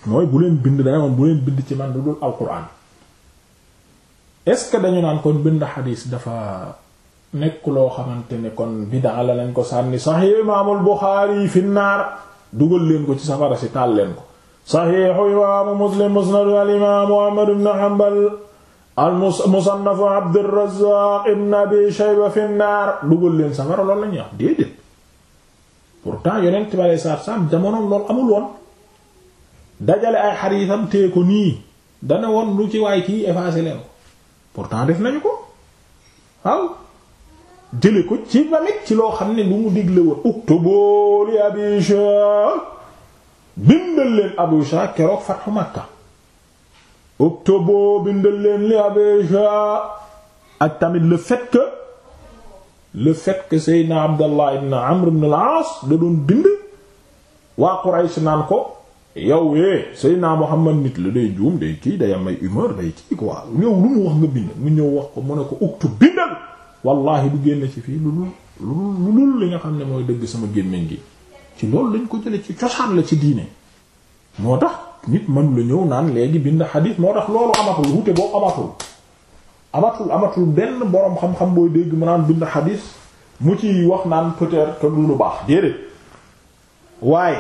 mooy bu leen bind danga moom bu leen bind ci man lu dul alquran est-ce que dañu naan kon bind xadiis dafa nekk loo xamante ne kon bid'a la lañ ko sànni Sahih Imaamul Buxaari fi naar dugal leen ko ci safara si taal leen ko. saxiixu imaamu muslim musnadu al imaamu ahmad ibn hanbal al musannafu abdurrazaaq ibn abi shayba fi naar dugal leen safara loolu la ñuy wax déedéet pourtant yonent bi aleyhi salaatu salaam amul woon dajale ay xariitam tee nii dana woon lu ci waay kii effacé leen ko pourtant def nañu ko waaw jële ko ci tamit loo xam ne lu mu digle woon uktubu li abi shayba bindal leen Abusha keroog fatxu Makka octobre bindal li Abusha ak tamit le fait que le fait Abdallah ibn Amr ibn al da doon bind waa Quraysh naan ko yow eh Seydina Muhammad nit la day juum day kii day am ay humeur day kii quoi yow lu mu wax nga bind mu ñëw wax ko mu ne ko octobre bindal wallahi du génn ci fii lu lu lu li nga xam ne mooy dëgg sama gémmiñ gi ci loolu lañ ko jële ci cosaan la ci diine moo tax nit mën la ñëw naan léegi bind xadiis moo tax loolu amatul wute boobu amatul amatul amatul benn boroom xam-xam booy dégg mu naan bind xadiis mu ci wax naan peut-être lu baax déedéet waaye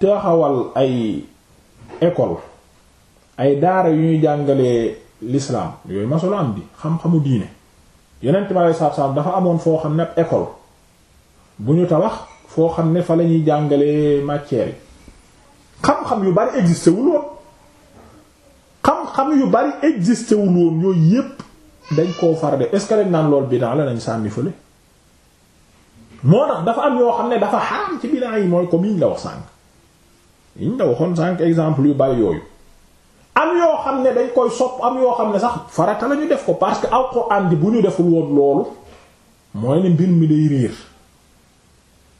taxawal ay école ay daara yu ñuy jàngalee l'islam yooyu masula bi di xam-xamu diine yeneen ma lay saab-saab dafa amoon foo xam ne école bu ñu tabax foo xam ne fa la ñuy jàngalee matière yi xam-xam yu bari existé wul woon xam-xam yu bari existé wul woon yooyu yépp dañ koo fara de est-ce que dañ naan lool bidaa la nañ sànni fële moo tax dafa am yoo xam ne dafa xaram ci bidaa yi mooy comme yiñ la wax sànk yiñ la waxoon sànk exemple yu bari yooyu am yoo xam ne dañ koy sopp am yoo xam ne sax farata la ñu def ko parce que alxuraan di bu ñu deful woon loolu mooy ne mbir mi day réer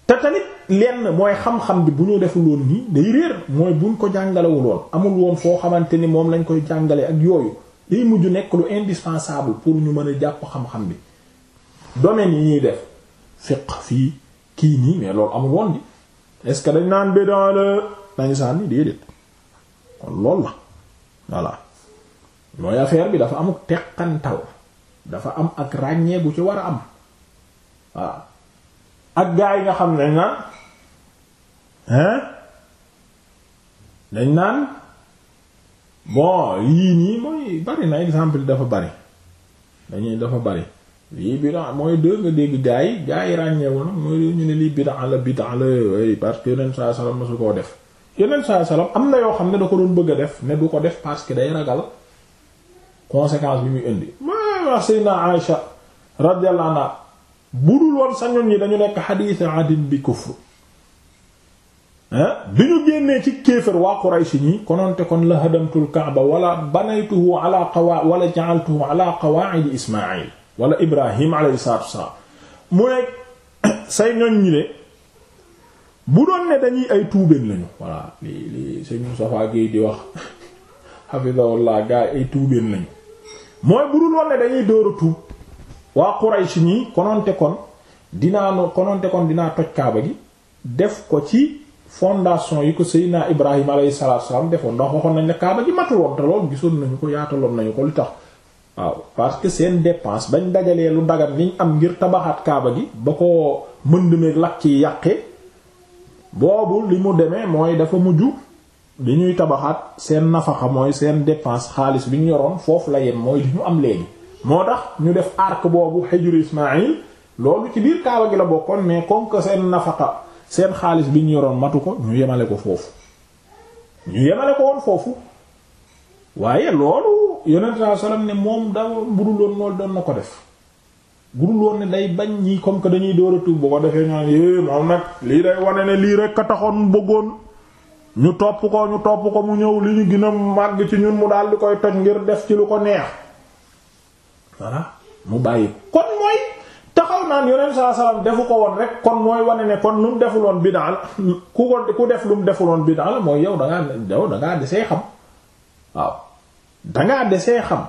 te tamit lenn mooy xam-xam bi bu ñu defuloon nii day réer mooy buñ ko jàngalewuloon amul woon foo xamante ni moom lañ koy jàngale ak yooyu day mujj nekk lu indispensable pour ñu mën a jàpp xam-xam bi domaine yi ñuy def fiqh fii kii nii mais loolu amul woon di est-ce que dañ naan bédaa la nañu sànni déedéet kon loolu la voilà mooy affaire bi dafa amuk teqantal dafa am ak ràññee bu ci war a am waaw ak gaa yi nga xam ne naan hein dañ naan bon yii nii mooy bari na exemple dafa bari dañuy dafa bari lii bida mooy dëgg nga dégg gaa yi gaa yi ràññeewoon mooy ñu ne lii bida la bida la parce que yeneen saa salaam ma su koo def yeneen saa salaam am na yoo xam ne da ko doon bëgg a def ne du ko def parce que day ragal conséquence bi muy indi ma wax Sayna Aïcha radiyallahu anha bu dul woon sa ñoñ ñi dañu nekk xadiis adin bi kufru bi ñu génnee ci kéefër waa Quraysh ñi kononte kon la hadamtul kaaba wala banaytuhu ala qawa wala ja'altuhu ala qawaa'idi Ismaa'il wala Ibrahim alayhi salaatu wassalaam mu di wax hafizahullah gaa ay tuubeen lañu mooy bu dul woon ne dañuy dóor tuub waa Quraysh ñii kononte kon dinaa no kononte kon dinaa toj kaaba gi def ko ci fondation yi ko Seydina Ibrahima alayhi salaatu salaam defoon ndax waxoon nañ ne kaaba gi matul woon te lool gisoon nañu ko yaataloon nañu ko li tax waaw parce que seen dépense bañ dajalee lu dagat liñ am ngir tabaxaat kaaba gi ba ko mënd meeg lakk yi yàqe boobu li mu demee mooy dafa mujj bi ñuy tabaxaat seen nafaxa mooy seen dépense xaalis bi ñu yoroon foofu la yem mooy li ñu am léegi moo tax ñu def arc boobu xejuru Ismaïl loolu ci biir kaaba gi la bokkoon ne comme seen nafaqa seen xaalis bi ñu yoroon matu ko ñu yemale ko foofu ñu yemale woon foofu waaye loolu yonent saa sallam ne moom da bu woon loolu doon na ko def budul woon ne day bañ ñi comme que dañuy door a tuub boo ko defee ñoo yé moom nag lii day wane ne lii rek a taxoon bëggoon ñu topp ko ñu topp ko mu ñëw li ñu gën a màgg ci ñun mu daal di koy toj ngir def ci lu ko neex voilà mu bàyyi ko kon mooy taxaw yonent saa salaam defu ko woon rek kon mooy wane ne kon lu mu loon bid'a la ku ko ku def lu mu defuloon bid'a la mooy yow da ngaa yow da ngaa desee xam waaw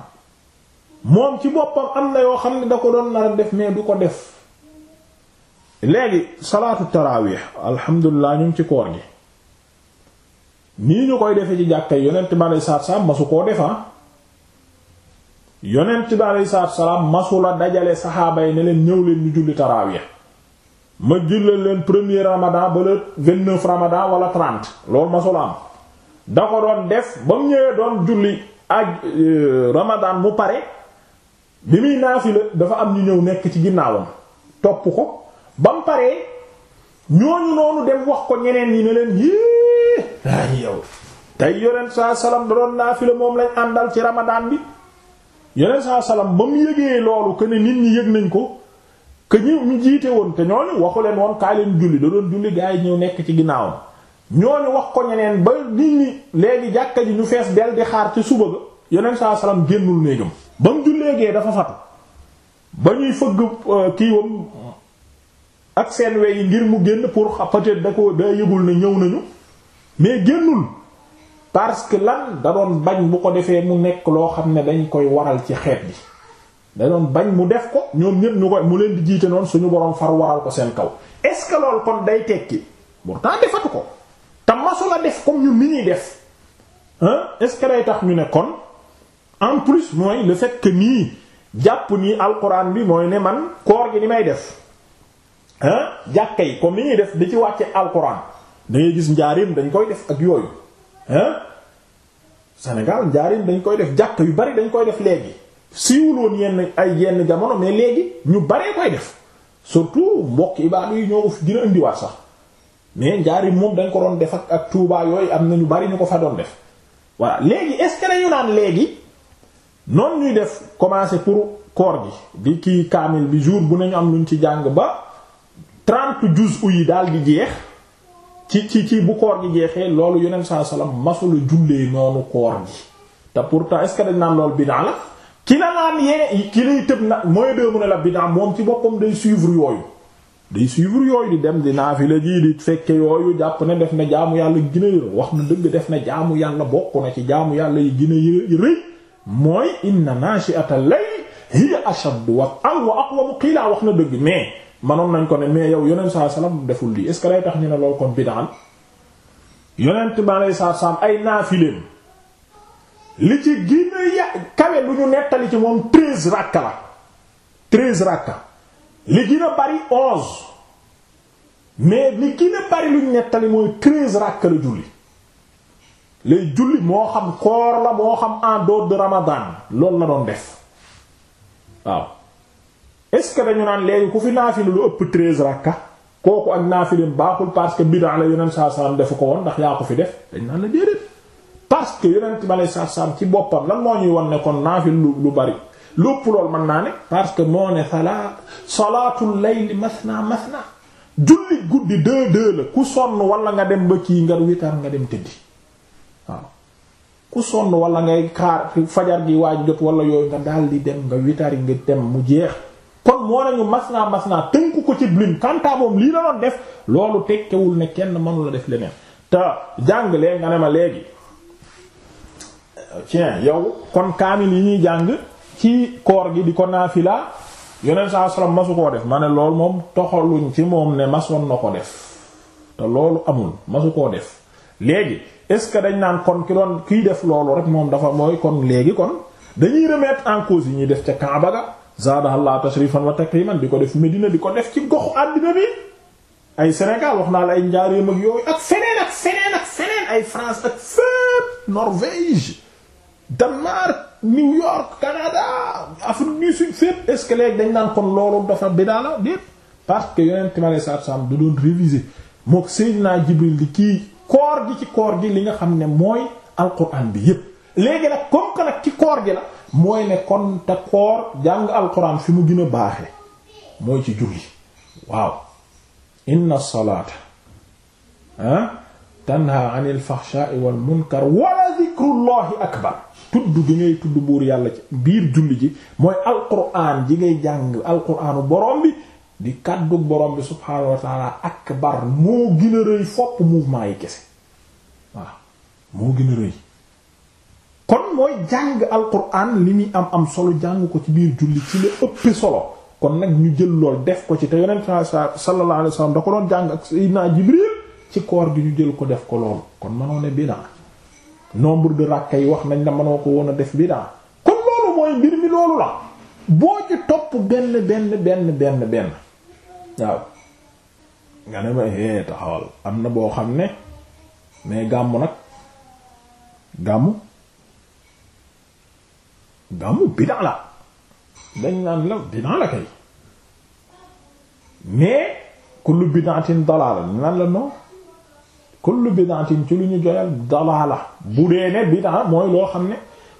moom ci boppam am na yoo xam ne da ko doon def mais du ko def léegi salaatu taraawix alhamdulilah ñu ngi ci koor gi nii ñu koy defee ci jàkka yonent ma ne saat saam masu koo defaa ah. yonent bi aleyhi salaatu salaam masula dajale saxaaba yi ne leen ñëw leen ñu julli taraawiya ma jullal leen premier ramadan ba le vingt-neuf ramadan wala trente loolu masula am da ko doon def ba mu ñëwee doon julli aj euh, ramadaan mu pare bi muy naafila dafa am ñu ñëw nekk ci ginnaawam topp ko ba mu paree ñooñu noonu dem wax ko ñeneen ñi ne leen yii yow tey yonent saa salaam da doon naafila moom lañ àndal ci ramadan bi yeneen saa salaam ba mu yëgee loolu que ne nit ñi yëg nañ ko que ñu mu jiite woon te ñooñu waxu leen woon kaay leen julli da doon julli gaa yi ñëw nekk ci ginnaawam. ne wax ko ñeneen ba nit ñi léegi jàkka ji ñu fees del di xaar ci suba ba yeneen saa salaam génnul néegam ba mu jullee gee dafa fatu ba ñuy fëgg euh, kiiwam ak seen we yi ngir mu génn pour peut-être da ko day yëgul ne ñëw nañu mais génnul. parce que lan da doon bañ bu ko defee mu nekk loo xam ne dañ koy waral ci xeet bi da doon bañ mu def ko ñoom ñépp ñu koy mu leen di jiite noonu suñu boroom far waral ko seen kaw est-ce que loolu kon day tekki pourtant defatu ko te masu la def comme ñu ñuy def est-ce que day tax ñu ne kon en plus mooy le fait que nii jàpp nii alxuraan bi mooy ne man koor gi ni may def ah jàkka yi comme ni ñuy def di ci wàcce alxuraan da ngay gis njaarim dañ koy def ak yooyu. hein Sénégal njaarim dañ koy def jàkk yu bari dañ koy def léegi siiwuloon yenn ay yenn jamono mais léegi ñu baree koy def surtout mbokk ibaadu yi ñoo gën a indiwaat sax mais njaarim moom dañ ko doon def ak ak Touba yooyu am na ñu bari ñu ko fa doon def waa léegi est-ce que dañu naan léegi noonu ñuy def commencer pour koor gi di kii kaamil bi jour bu nañu am luñ ci jàng ba trente juz yi daal di jeex ci ci ci bu koor gi jeexee loolu yonent saa salaam masula jullee noonu koor gi te pourtant est ce que dañ naan loolu bid'a la ki la naan yee ki lay tëb na mooy dee ne la bid'a moom ci boppam day suivre yooyu day suivre yooyu di dem di naafila ji di fekke yooyu jàpp na def na jaamu yàlla gina yi wax na dëgg def na jaamu yàlla bokk na ci jaamu yàlla yi gina yi rëy mooy inna nashi'atal layli hiya ashaddu wa aqwamu qiila wax na dëgg mais. manoon nañ ko ne mais yow yonent saa salaam deful lii est-ce que lay tax ñu ne loolu kon bid'al yonent ba lay saa saam ay naafileem li ci gina ya kawe lu ñu nettali ci moom treize rakka la treize rakka li gën bari onze mais li gën bari lu ñu nettali mooy treize rakka la julli lay julli moo xam koor la moo xam en dehors de Ramadan loolu la doon def waaw est-ce que dañu naan léegi ku fi naafila lu ëpp treize rakka kooku ak naafilim baaxul parce que bid'a la yonent saa saam ko woon ndax yaa ko fi def dañ naan la parce que yonent ma lay boppam lan moo ñuy won ne kon naafil bari lu lool mën naa ne parce que moo ne sala salaatul layli masna masna julli guddi deux deux la ku wala nga dem ba kii nga witar nga dem tëddi waaw ku sonn wala ngay xaar gi waaj wala yooyu nga daal di dem nga witari nga dem mu jeex kon moo nañu mas naa mas naa tënku ko ci blim kantaa moom lii la doon def loolu tekkewul ne kenn mënu la def leneen te jànglee nga ne ma léegi tien yow kon kaamil yi ñuy jàng ci koor gi di ko naafila yoneen saa salaam masu koo def ma ne loolu moom toxaluñ ci moom ne masoon na ko def te loolu amul masu koo def léegi est-ce que dañ naan kon ki doon kiy def loolu rek moom dafa mooy kon léegi kon dañuy remettre en yi ñuy def ca Kaaba ga zaadahallahu tashrifan wa takriman di ko def Medina di ko def ci gox àddina bi ay Sénégal wax naa la ay njaareem ak yooyu ak feneen ak feneen ak feneen ay France ak fépp Norvège Danemark New York Canada Afrique ce que dañ naan kon loolu dafa bidaa la parce que yonent mi alei satu salaam du doon réviser mook Seydina Jibril di kii koor gi ci koor gi li nga xam ne mooy alquran bi yépp léegi nag comme que nag ci koor gi la mooy ne kon te koor jàng alxuraan fi mu gën a baaxe mooy ci julli waaw inna salaata ah anil fahsha'i wal munkar wala zikrullahi akbar tudd gi ngay tudd buur yàlla ci biir julli ji mooy alquran ji ngay jàng alquranu borom bi di kàddu borom bi subhaanahu wa taala akbar moo gën rëy fopp mouvement yi kese waaw moo gën rëy kon mooy jàng alquran li muy am am solo jàng ko ci biir julli ci la ëpp solo kon nag ñu jël lool def ko ci te yonent sallallahu alayhi wasallam da ko doon jàng ak sayyidina jibril ci koor gi ñu jël ko def ko lool kon mënoo ne bidaa nombre de rakka yi wax nañ la mënoo ko woon a def bidaa kon loolu mooy mbir mi loolu la boo ci topp benn benn benn benn benn waaw nga ne ma hee eh, taxawal am na boo xam ne mais gàmmu nag gàmmu damu bidaa la dañ naan la bidaa la kay mais kullu bidaatin dalaala ñu naan la non kullu bidaatin ci lu ñu joyal la bu dee ne bidaa mooy loo xam ne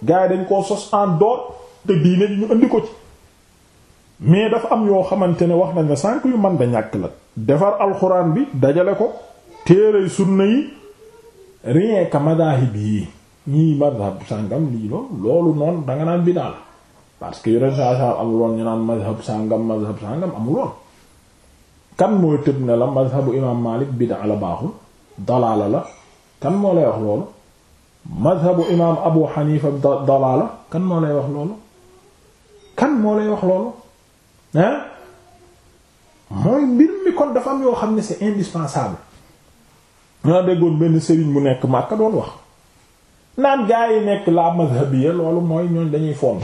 gars yi dañ koo sos en dehors te diine ñu indi ko ci mais dafa am yoo xamante ne wax nañ ne sànq yu man da ñàkk la defar alxuraan bi dajale ko téere sunna yi rien que madaahib yi ñii madhab sàngam lii la loolu noonu danga naan bidaa parce que yeneen saa saa amul woon ñu naan madhab sàngam madhab sàngam amul kan mooy tëb ne la madhabu imaam Maalik bidaa baaxul dalaala la kan moo lay wax loolu madhabu imaam Abu Hanifa dalaala kan moo lay wax loolu kan moo lay wax loolu hein mooy mbir mi kon dafa am yoo xam ne c'est indispensable ñoo déggoon benn sëriñ bu nekk Makka doon wax naan gaa yi nekk la mazhabiya loolu mooy ñooñ dañuy fond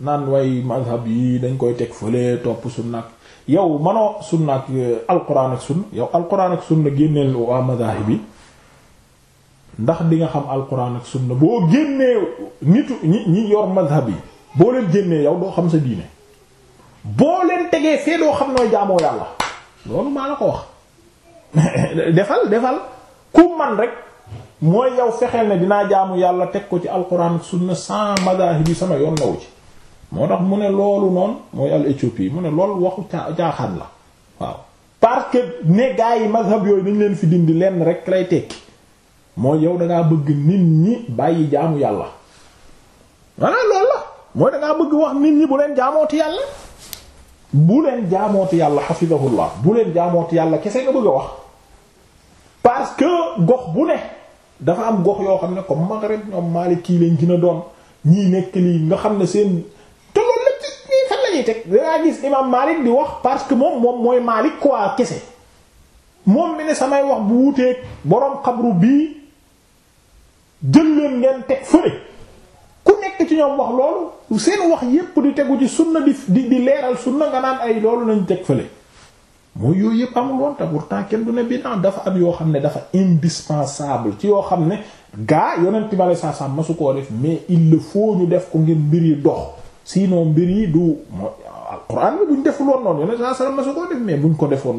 naan way mazhab yi dañ koy teg fële topp sunna ak yow manoo sunna ak eh, alquran ak sunna yow alquran ak sunna génneel waa mazahib ndax di nga xam alquran ak sunna boo génnee nitu ñi ñi yor mazhab yi boo leen génnee yow doo xam sa diine boo leen tegee fee doo xam nooy jaamoo yàlla loolu maa la ko wax defal defal ku man rek mooy yow fexeel ne dinaa jaamu yàlla teg ko ci alquran ak sunna sans madahib yi sama yoon naw ci moo tax mu ne loolu noonu mooy al éthiopie mu ne lool waxu caaxaan la waaw parce que ne gaa yi mazhab yooyu dañ leen fi dindi lenn rek lay tekki mooy yow dangaa bëgg nit ñi bàyyi jaamu yàlla voilà ah loolu la mooy dangaa bëgg wax nit ñi bu leen jaamooti yàlla bu leen jaamooti yàlla xafidahullah bu leen jaamooti yàlla kese nga bëgg a wax parce que gox bu ne dafa am gox yoo xam ne comme Maghreb ñoom Maliki lañ gën a doon ñii nekk lii nga xam ne seen togoon la ci ñii fan la teg dangaa gis imam Malik di wax parce que moom moom mooy Malik quoi kese moom mi ne samay wax bu wuteeg boroom xabru bii jël leen ngeen teg fële ku nekk ci ñoom wax loolu seen wax yépp di tegu ci sunna di di leeral sunna nga naan ay loolu nañ teg fële mooy yooyu yëpp amul woon te pourtant kenn du ne bid'a dafa am yoo xam ne dafa indispensable ci yoo xam ne gaa yonent bi saa saa masu koo def mais il le faut ñu def ko ngir mbir yi dox sinon mbir yi du mooy alxuraan bi buñ deful woon noonu yonent saa saa masu ko defoon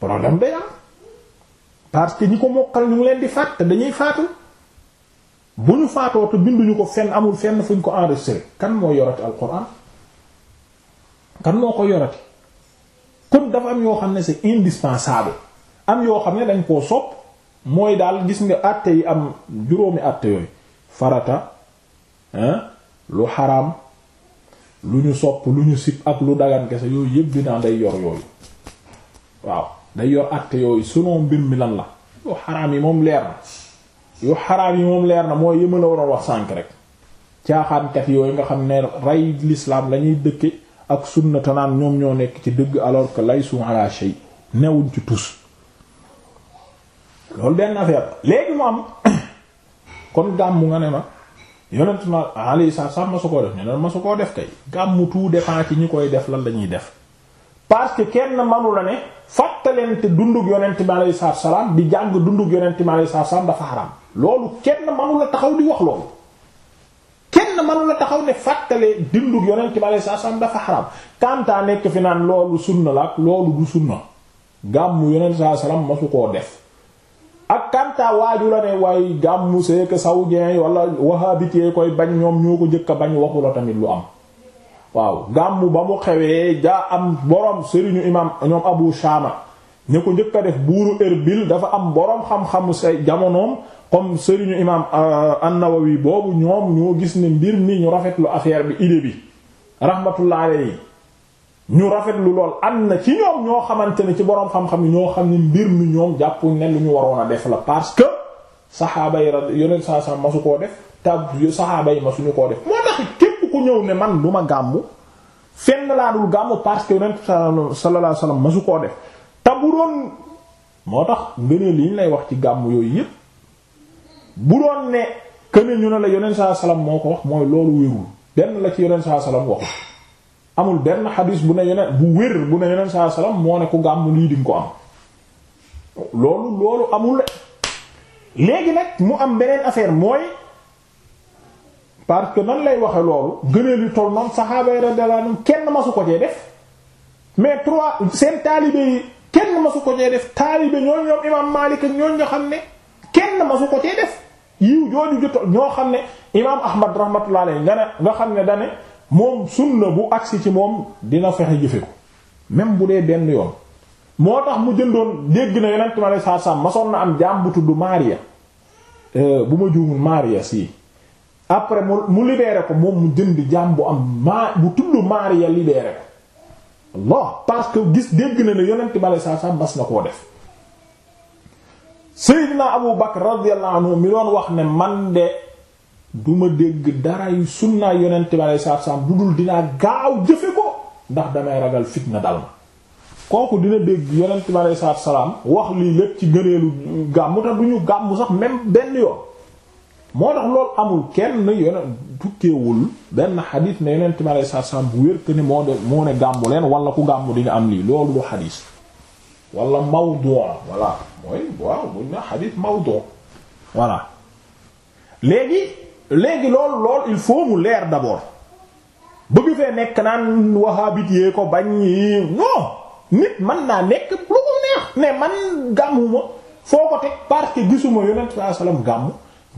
woon parce que ñi ko mokkal ñu ngi leen di faat te dañuy faatu bu ñu faatoo te binduñu ko fenn amul fenn fuñ ko enregistré kan moo yorati alxuraan kan moo ko yorati. kon dafa am yoo xam ne c'est indispensable am yoo xam ne dañ koo sopp mooy daal gis nga àtte yi am juróomi àtte yooyu farata lu xaraam lu ñu sopp lu ñu sib ak lu dagan kese yooyu yëpp dinaa day yor yooyu waaw day yor àtte yooyu selon mbir mi lan la yoo xaraam yi moom leer na yoo xaraam yi moom leer na mooy yëma la waroon wax sànk rek caaxaankat yooyu nga xam ne rey l'islam lañuy dëkke ak sunna tanaan ñoom ñoo nekk ci dëgg alors que laysu ala shay newuñ ci tus loolu benn affaire léegi mu am kon gàmmu nga ne ma yonent ma alayhi salaam ma su koo def ñeneen ma su koo def kay gàmmu tout dépend ci ñi koy def lan la ñuy def parce que kenn manu la ne te dundug yonent bi alayhi salaam di jàng dundug yonent bi alayhi salaam dafa xaram loolu kenn manu la taxaw di wax loolu kenn manu la taxaw ne fàttalee dindug yonent bi alei sat dafa xaram kantaa nekk fi naan loolu sunna la ak loolu du sunna gàmmu yonent saa salaam masu koo def ak kantaa waaju la ne waaye gàmmu c'est que saoudien wala wahhabite koy bañ ñoom ñoo ko jëkk bañ waxu la tamit lu am waaw gàmmu ba mu xewee daa am borom sëriñu imam ñoom Abu Shama ñu ko njëkk a def buuru Erbil dafa am boroom xam-xamu say jamonoom comme sëriñu imaam euh, an-Nawawi boobu ñoom ñoo gis ne mbir nii ñu rafetlu affaire bi idée bi rahmatullah alayhi ñu rafetlu lool am na ci ñoom ñoo xamante ne ci boroom xam-xam yi ñoo xam ne mbir mi ñoom jàpp ne lu ñu waroon a def la parce que saxaaba yi yoneen saa masu koo def te saxaaba yi masuñu koo def moo tax képp ku ñëw ne man du ma gàmmu fenn laa dul gàmmu parce que yoneen sallallahu alayhi wasallam masu koo def te bu doon moo tax ngëneel yi ñu lay wax ci gàmmu yooyu yépp bu doon ne këne ñu ne la yonent saa salaam moo ko wax mooy loolu wérul benn la ci yonent saa salaam benn xadis bu ne bu wér bu ne yonent saa salaam moo ne ku gàmm lii di nga ko am loolu loolu amul léegi nag mu am beneen affaire mooy parce que nan lay waxe loolu gënee lu toll noonu saxaaba yi kenn masu ko cee def mais trois seen taalibe yi kenn masu ko cee def taalibe ñooñu ñoom imaam Maalik ak ñooñu nga xam ne kenn masu ko cee def yiw jooju joto ñoo xam ne imaam ahmad rahmatullah alayhi nga ne nga xam ne dane moom sunna bu agsi ci moom dina fexe jëfe ko même bu dee benn yoon moo tax mu jëndoon dégg na yonent mi alei satu salaam na am jaam bu tudd euh, bu ma juumul Maria si après mu libéré ko moom mu jënd jaam bu am ma bu tudd Maria libéré ko Allah parce que gis dégg na ne yonent mi alei satu salaam mas na koo def Seydina Abu Bakr radiyallahu anhu mi doon wax ne man de duma dégg dara yu sunnaa yonent bi alayhi salaatu salaam du dul dinaa gaaw jëfe ko ndax damay ragal fitna dal ma kooku dina dégg yonent bi alayhi salaatu salaam wax lii lépp ci gëneelu gàmmu tax du ñu gàmmu sax même benn yoon moo tax loolu amul kenn yonent tukkeewul benn xadiis ne yonent bi alayhi salaatu salaam bu wér que ne moo de moo ne gàmmu leen wala ku gàmmu di am lii loolu du xadiis wala mawdu' wala mooy waaw buñ na xadis mawdu voilà léegi léegi lool lool il faut mu leer d'abord bëgg fee nekk naan wahabit yee ko bañ non nit man naa nekk lu ko neex ne man gàmmuma foo ko teg parce gisuma yonent sallallahu alayhi wasallam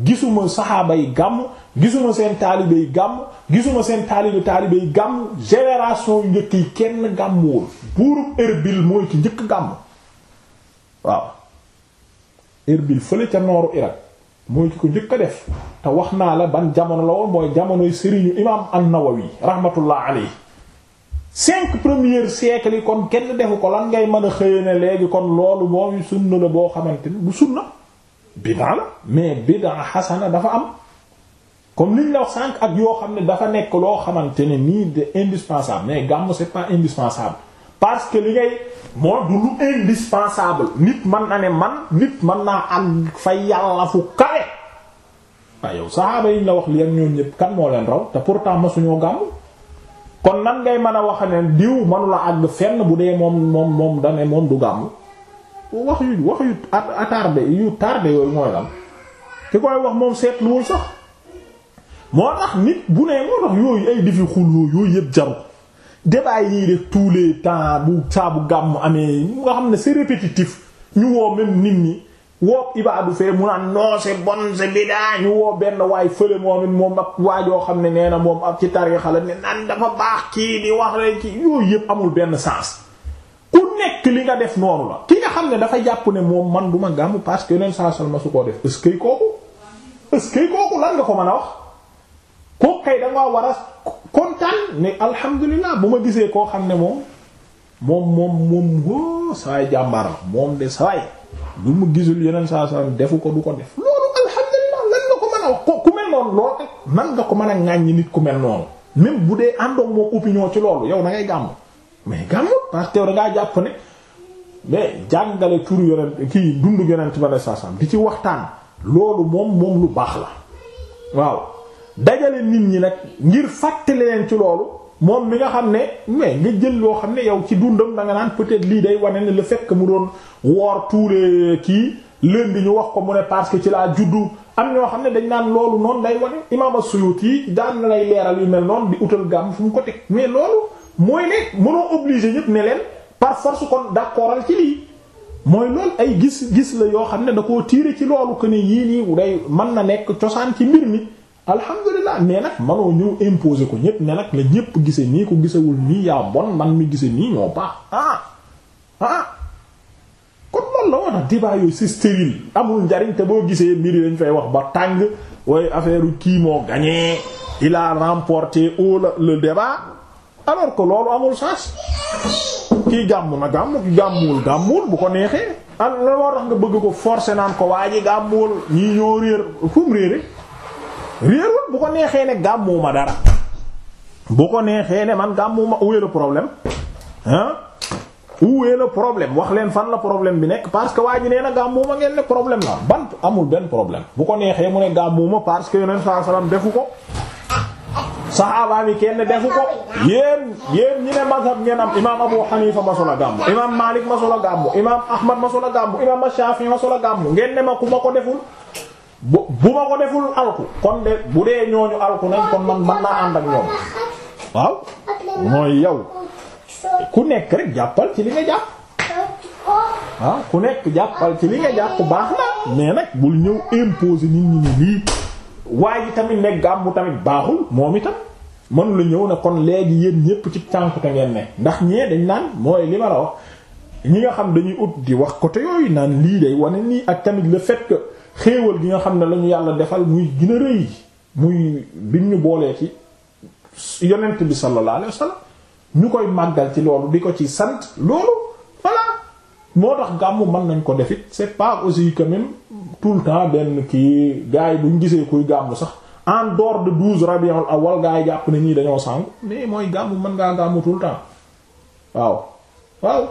gisuma saxaabay yi gàmm gisuma seen taalibe yi gàmm gisuma seen taalibe taalibe gàmm génération njëkk yi kenn gàmmuwul buurub Erbil mooy ci njëkk gàmm waaw Erbil fële ca nooru Irak mooy ko njëkk a def te wax naa la ban jamono la woon mooy jamonoy sëriñu imaam an-Nawawi rahmatullah alayhi cinq première siècles yi kon kenn defu ko lan ngay mën a xëye ne léegi kon loolu moom sunna la boo xamante ni bu sunna bid'a la mais bid'a xasana dafa am comme liñ la wax sànq ak yoo xam ne dafa nekk loo xamante ne nii de indispensable mais gàmm c'est pas indispensable parce que li ngay moo du lu nit man na ne man nit man naa am fa yàlla fu kawe waaye yow saxaaba yi la wax li ak ñoom ñëpp kan moo leen raw te pourtant ma suñoo gàmm kon nan ngay mën a wax ne diw manula àgg fenn bu dee moom moom moom dane moom du gàmmu wax yu wax yu attardé yu tardé yooyu mooy lan ki koy wax moom seetluwul sax moo tax nit bu ne moo tax yooyu ay difi xul yooyu yëpp jaru débat yi def tous les temps bu saabu gàmm amee mu nga xam ne c'est répétitif ñu woo même nit ñi woo ibaadu fee mu naan non c'est bon c'est bidaa woo benn waay fële moom it moom ak waajoo xam ne nee na moom ak ci tariixa la ne nan dafa baax kii di wax rek ci yooyu yëpp amul benn sens ku nekk li nga def noonu la ki nga xam ne dafa jàpp ne moom man du ma gàmm parce que yeneen saa ma su koo def est-ce que kooku est-ce kooku lan nga ko mën a wax kooku kay da ngaa war a kontaan ne alhamdulilah bu ma gisee koo xam ne moom moom moom moom wóo jàmbar la moom de saay lu mu gisul yeneen saa saa defu ko du ko def loolu alhamdulilah lan nga ko mën a wax ku mel noonu loolu rek nan nga ko mën a ŋàññi nit ku mel noonu même bu dee àndoog moom opinion ci loolu yow da ngay gàmm mais gàmm parce que yow ngaa jàpp ne mais jàngale tur yonent kii dund yonent ci ne saa saa di ci waxtaan loolu moom moom lu baax la waaw dajale nit ñi nag ngir fàttali leen ci loolu moom mi nga xam ne mais nga jël yoo xam ne yow ci dundam da nga naan peut-être lii day wane ne le fait que mu doon woor tuure kii lundi ñu wax ko mu ne parce que ci laa juddu am ñoo xam ne dañ naan loolu noonu day wane imaam as-Suyuti daan na lay leeral yu mel noonu di utal gàmm fu mu ko teg mais loolu mooy ne mënoo obligé ñëpp ne leen par force kon d'accordal ci lii mooy loolu ay gis gis la yoo xam ne da koo tiire ci loolu que ne yii nii day mën na nekk cosaan ci mbir mi. alhamdulilah mais nag manoo ñëw imposer ko ñépp ne nag la ñépp gise nii ko gisewul nii yaa bon man mi gise nii ñoo baax ah ah kon loolu la woon a débat yooyu stérile amul njariñ te boo gisee mbir yi dañ fay wax ba tàng waaye affaire kii moo gagné il a remporté haut le débat alors que loolu amul sens kii gàmm na gàmm ki gàmmuwul gàmmuwul bu ko neexee. al loolu moo tax nga bëgg ko forcer naan ko waa ji gàmmuwul ñii ñoo réer fu mu réere réerul bu ko neexee ne gàmmuma dara bu ko neexee ne man gàmmuma où est le problème ah où est le problème wax leen fan la problème bi nekk parce que waa ji nee na gàmmuma ngeen ne problème la ban amul benn problème bu ko neexee mu ne gàmmuma parce que yoneen saa salaam defu ko sa saxaaba mi kenn defu ko yéen yeen ñi ne mazhab ngeen am imaam Abu Hanifa masula gàmmu imaam Malik masula gàmmu imaam Ahmad masula gàmmu imaam Shafi'i masula gàmmu ngeen ne ma ku ma ko deful bu bu ma ko deful alku kon de bu dee ñooñu alku nañ kon man man naa ànd ak ñoom waaw mooy yow ku nekk rek jàppal ci li nga jàpp waaw ah, ku nekk jàppal ci li nga jàpp baax na mais nag bul ñëw imposer nit ñi ni lii waaye tamit ne gàmmu tamit baaxul moom itam mën la ñëw ne kon léegi yéen ñépp ci cànku te ngeen ne ndax ñee dañ naan mooy li ma la wax ñi nga xam dañuy ut di wax côté yooyu naan lii day wane nii ak tamit le fait que xéewal gi nga xam ne lañu yàlla defal muy gën a rëy muy biñ ñu boolee ci yonent bi sallallahu alayhi wasallam ñu koy màggal ci loolu di ko ci sant loolu voilà moo tax gàmmu man nañ ko defit c'est pas aussi quand même tout le temps benn kii gars buñ gisee kuy gàmmu sax en dehors de douze rabiul awal gars jàpp ne ñii dañoo sàngu mais mooy gàmmu mën ngaa gàmmu tout le temps waaw waaw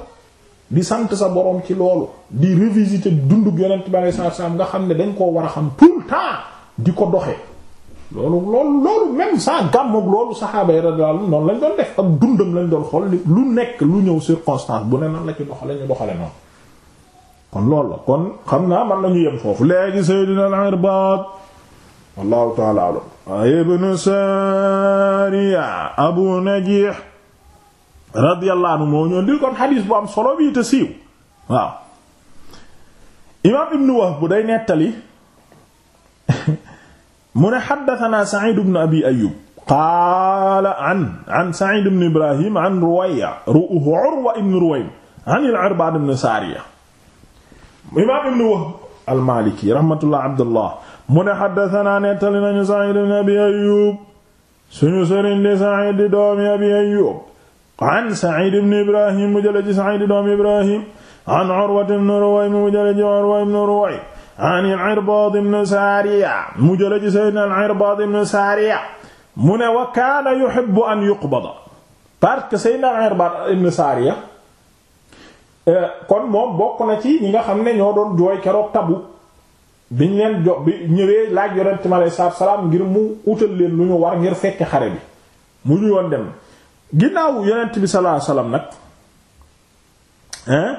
di sant sa borom ci loolu di revisiter dundug yonent bi alayhi salaatu salaam nga xam ne dañ koo war a xam tout le temps di ko doxe loolu loolu loolu même sans gàmmoog loolu saxaaba yi radiyallahu anhum noonu lañ doon def ak dundam lañ doon xool lu nekk lu ñëw circonstance bu ne nan la ci doxale ñu doxale noonu kon loolu la kon xam naa man nañu yem foofu léegi Seydina al-Irbaad wallahu ta'ala a'lam ibnu Sariya Abu Najih radiyallahu anhu moo ñoon dil kon xadiis bu am solo bi te siiw waaw imaam ibnu Wahb bu day nettali mu ne xaddatana Sa'id ibn Abi Ayyub qaala an an Sa'id ibn Ibrahim an Ruwayya Urwa ibn Ruwaym an al-Irbad ibn Sariya imaam ibn Wahb al-Maliki rahmatullah abdullah mu ne xaddatana nettali nañu Sa'id ibn Abi Ayyub suñu sëriñ di Sa'id di doomi Abi Ayyub an Sa'id ibn Ibrahim mu jële ci Sa'id doom Ibrahim an Urwa ibn Ruway mu jële ci Urwa ibn Ruway an al-Irbaad ibn Saariya mu jële ci Sayyidina al-Irbaad ibn Saariya mu ne wa kaana yuhibbu an yuqbada parce que Sayyidina al-Irbaad ibn Saariya euh, kon moom bokk na ci ñi nga xam ne ñoo doon jooy keroog tabu biñ leen jo bi ñëwee laaj yonent mi alayhi salaam ngir mu utal leen lu ñu war ngir fekk xare bi mu ñu yoon dem ginnaaw yonent bi sallallahu alayhi nag hein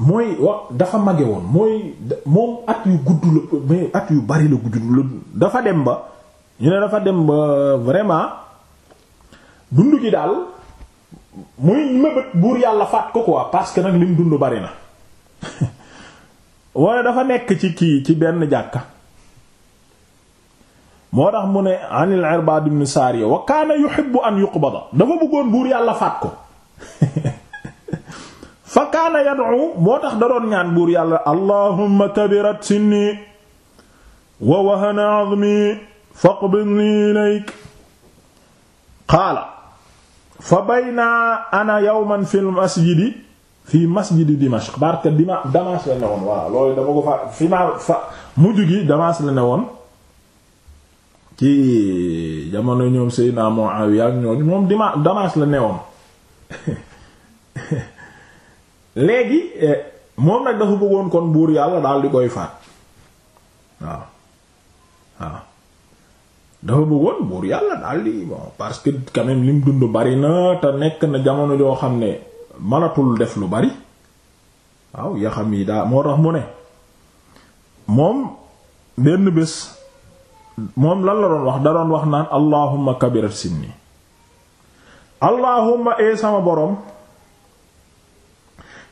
mooy wa dafa mage woon mooy moom at yu gudd la mais at yu bari la gudd la dafa dem ba ñu ne dafa dem ba vraiment dund gi daal muy mébét buur yàlla faat ko quoi parce que nag lim dund bari na wala dafa nekk ci kii ci benn jàkka moo tax mu ne anil Irbad ibn Sariya wa kaana yuhibbu an yuqbada dafa bëggoon buur yàlla faat ko fa kaana yad'u moo tax da doon ñaan buur yàlla allahumma kabirat sinni wa wahana 'azmi faqbidni ilayk qaala fa bayna ana yawman fil masjidi fii masjidi Dimashq barka Dimashq la ne woon waaw loolu dama ko fa fi ma fa mujj gi Dimashq la ne woon ci jamono ñoom Seydina Muawiya ak ñooñu moom dima Damas la newoon léegi eh, moom nag dafa bëggoon kon buur yàlla daal di koy faat waaw yàlla daal bon parce que quand lim dund bari na te nekk na jamono joo xam ne manatul def lu bari waaw ya xam yi daa moo tax mu ne moom benn bés moom lan la doon wax daroon doon wax naan allahumma kabirat sinni allahumma ee eh sama boroom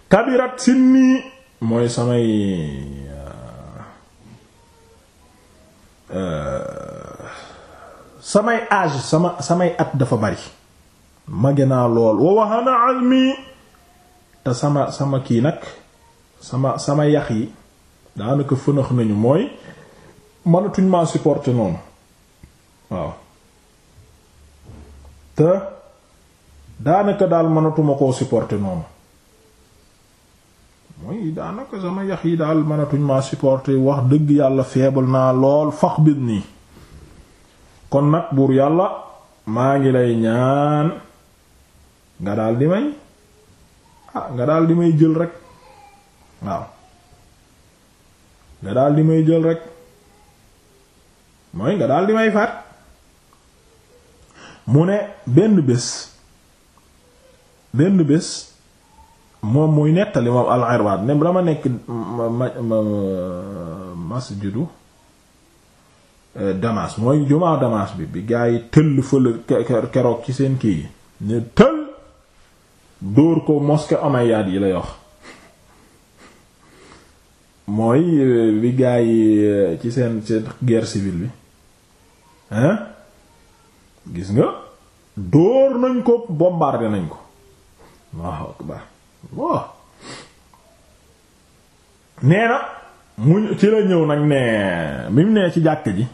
kabirat sinni mooy samay eh, samay âge sama samay at dafa bari mage naa lool wa wahana azmi te sama sama kii nag sama sama yax yi daanaka fënax nañu mooy mënatuñ maa supporter noonu waaw te daanaka daal mënatuma koo supporter noonu mooy daanaka sama yax yi daal mënatuñ maa supporter wax dëgg yàlla feebal naa lool fax bit nii kon nag buur yàlla maa ngi lay ñaan nga daal di may ah, nga daal di may jël rek waaw nga daal di may jël rek mooy nga daal di may faat mu ne benn bés benn bés moom muy nettali moom al ne dama nekk masjidu euh, Damas mooy jumaa Damas bi bi gaa yi tëll fële keroog ci seen kii yi ne tëll dóor ko mosquée Omeyyade yi lay wax mooy bi euh, gaa yi euh, ci seen seen guerre civile bi hein gis nga dóor nañ ko bombardé nañ ko waaw akbar waaw nee na mu ci la ñëw nag ne mu nee ci jàkk ji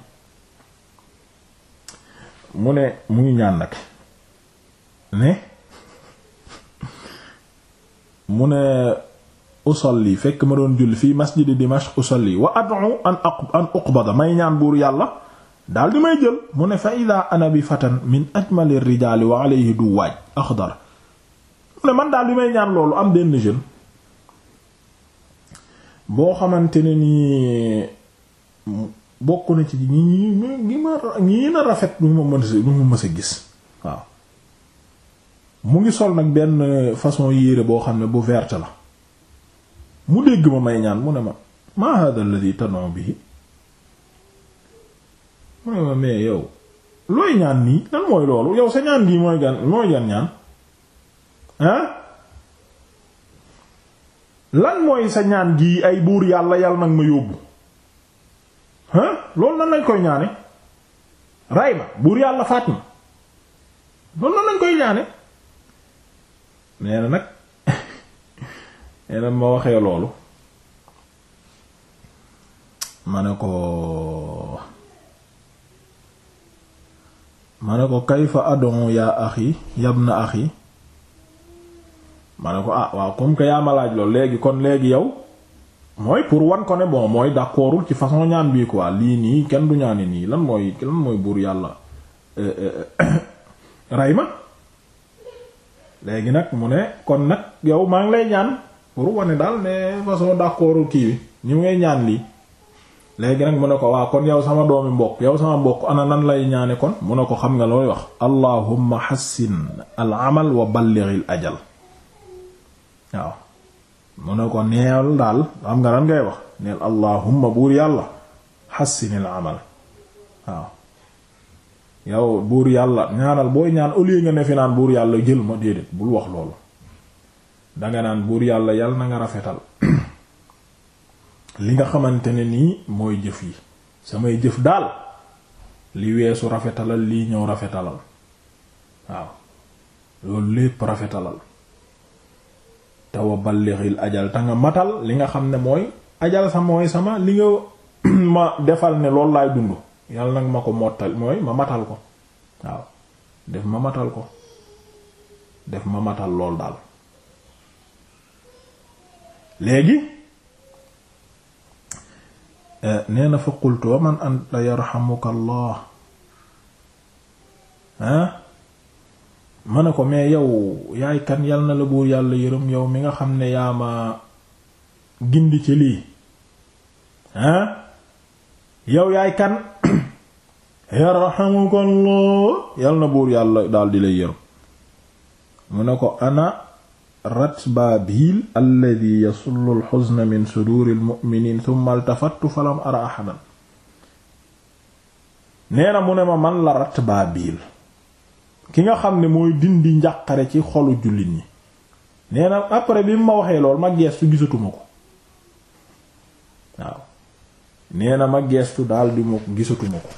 mu ne mu ngi ñaan nag ne mu ne usalli fekk ma doon julli fii masjidi Dimashq usalli wa ad'u an an uqbada may ñaan buur yàlla daal di may jël mu ne fa ida ana bi fatan min ajmali rijaali wa alayhi du waaj axdar mu ne man daal di may ñaan loolu am benn jeune boo xamante ne nii bokk na ci ñi ñi ma ñi na rafet ñu ma mën ñu ma mës gis waaw mu ngi sol nag benn façon yére boo xam ne bu verte la mu dégg ma may ñaan mu ne ma ma hada alladhi tad'u bihi mu ne ma mais yow looy ñaan nii lan mooy loolu yow sa ñaan gi mooy gan mooy gan ñaan ah lan mooy sa ñaan gi ay buur yàlla yàlla nag ma yóbbu ah loolu nan lañ koy ñaane ray ma buur yàlla faat ma loolu nan lañ koy ñaane nee na nag neena eh, ma waxee loolu ma ne ko ma ne ko kayfa adon yaa axi yabna axi ma ne ko ah waaw comme que yaa ma laaj loolu léegi kon léegi yow mooy pour wan ko ne bon mooy d'accordul ci façon ñaan bii quoi lii nii kenn du ñaani nii lan mooy lan mooy buur yàlla eh, eh, rey ma léegi nag mu ne kon nag yow maa ngi lay ñaan pour wane daal ne façon d'accord kii bi ñu ngay ñaan lii léegi nag mu ne ko waa kon yow sama doomi mbokk yow sama mbokk ana nan lay ñaane kon mu ne ko xam nga looy wax allahumma hassin al amal wa ballighil ajal waaw mu ne ko neel daal xam nga ngay wax neel allahumma buur yàlla hassinil amal waaw yow buur yàlla ñaanal booy ñaan au lieu ne fi naan buur yàlla jël ma déedéet bul wax loolu danga naan buur yàlla yàlla na nga rafetal li nga xamante ne nii mooy jëf yi samay jëf daal li weesu rafetalal lii ñëw rafetalal waaw loolu lépp rafetalal te wa ballixil ajal te nga matal li nga xam ne mooy ajal sa mooy sama li nga ma defal ne loolu laay dund yàlla nag ma ko mottal mooy ma matal ko waaw def ma matal ko def ma matal lool daal léegi eh, nee na fa wa man anta yarhamuka allah ah ma ne ko mais yow yaay kan yal na la buur yàlla yërëm yow mi nga xam ne yaa ma gindi ci lii ah yow yaay kan yarhamuka allah yal na buur yàlla daal di lay yërëm mu ne ko ana ratbaabil alladi yasullu alxuzna min suduuri almu'miniin thumma altafattu falam ara ahadan nee mu ne ma man la ratbaabil ki nga xam ne mooy dindi njàqare ci xolu jullit ñi nee après bi mu ma waxee lool ma geestu gisatuma ko waaw nee ma geestu daal di ma gisatuma ko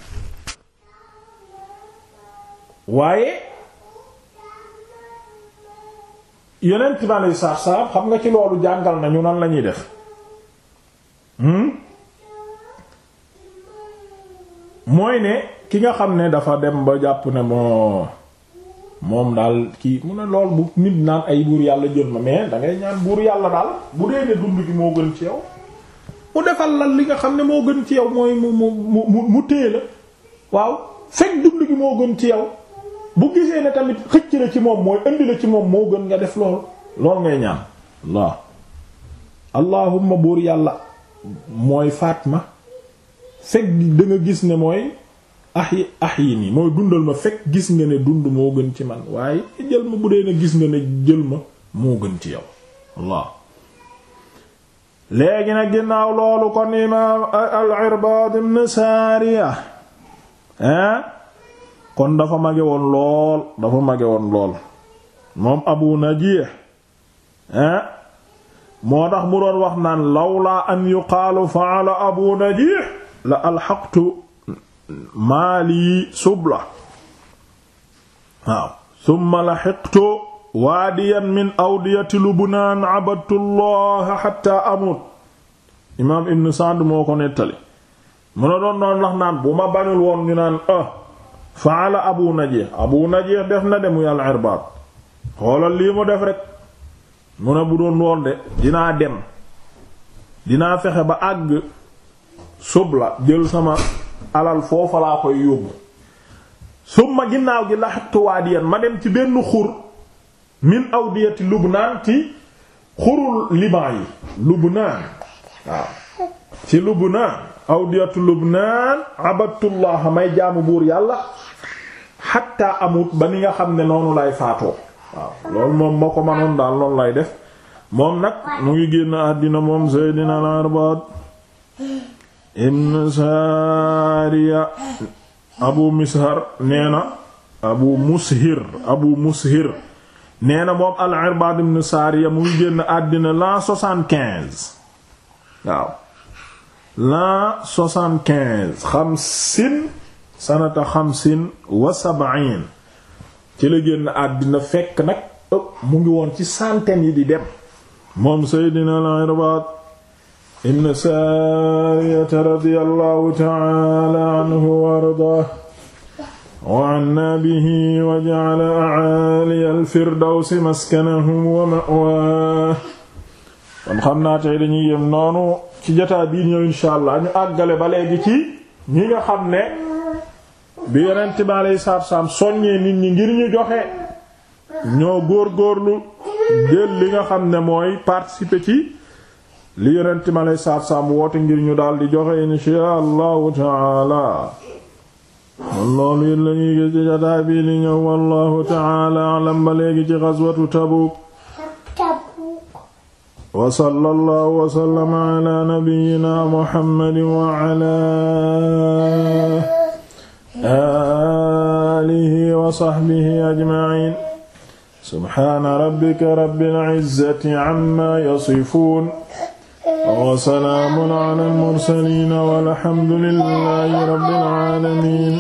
waaye yeneen bi aleyhi salaatu salaam xam nga ci loolu jàngal nañu nan lañuy def hmm? mooy ne ki nga xam ne dafa dem ba jàpp ne moo moom daal kii mu ne lool bu nit naan ay buur yàlla jot ma mais da ngay ñaan buur yàlla daal bu dee ne dund gi moo gën ci yow mu defal la li nga xam ne moo gën ci yaw mooy mu mu mu mu téye la waaw fekk dund gi moo gën ci yow bu gisee ne tamit xëcc la ci moom mooy indi la ci moom moo gën nga def lool lool ngay ñaan waaw allahumma buur yàlla mooy faat ma fekk da gis ne mooy ah yi ah yi nii mooy dundal ma fekk gis nga ne dund moo gën ci man waaye jël ma bu dee ne gis nga ne jël ma moo gën ci yow allah léegi nag ginnaaw loolu kon imaam al-Irbaad ibn Saariya ah kon dafa mage woon lool dafa mage woon lool moom abu najiix hein moo tax mu doon wax naan lawla an yuqaalu faala abu najiix la alxaqtu maali subla waaw summa laxiqtu waadiyan min awdiyati lubnaan abadtu llaha xatta amut imaam ibn Sa'd moo ko nettali mu doon doon wax naan bu ma bañul woon ñu naan ah, faala abu najih abu najih def na de muy al irbaad xoolal lii mu def rek mu ne bu doon lool de dinaa dem dinaa fexe ba àgg subla jël sama alal foofa laa koy yóbbu summa ginnaaw gi laxattu waadiyan ma dem ci benn xur min awdiyati lubnaan ci xurul liban yi lubnaan waaw ci lubnaan awdiyatu lubnaan abatullah may jaamu buur yàlla xatta amut ba ni nga xam ne noonu lay faatoo waaw loolu moom moo ko manoon daal loolu lay def moom nag mu ngi génn àddina moom Seydina al-Arbaad ibn Saariya Abu Mishar nee na moom al-Arbaad ibn Saariya mu ngi génn àddina l'an sanata xamsin wa génn àddina fekk nag mu ngi woon ci centaines yi di dem moom seydina al-Irbaad ibn Saariyata radiyallahu ta'ala anhu wa ardaahu wa anna bihi wa ja'ala a'aaliya al noonu ci jotaay bii insha allah ñu àggale ba léegi ci ñi nga xam ne bi yonent bi alayhi salaatu wassalaam soññee nit ñi ngir ñu joxe ñoo góorgóorlu jël li nga xam ne mooy participer ci li yonent bi alayhi salaatu wassalaam woote ngir ñu daal di joxe inshaa allahu taala loolu it la ñuy gis ci jataay bii li ñëw wallahu taala alam ba léegi ci xaswatu Tabuk wa sallallahu wa sallama ala nabiyyina muhammadin wa ala alihi wa sahbihi ajma'in subhaana rabbika rabbil izzati amma yasifun wa salaamun ala al mursalin walhamdulillahi rabbil alamin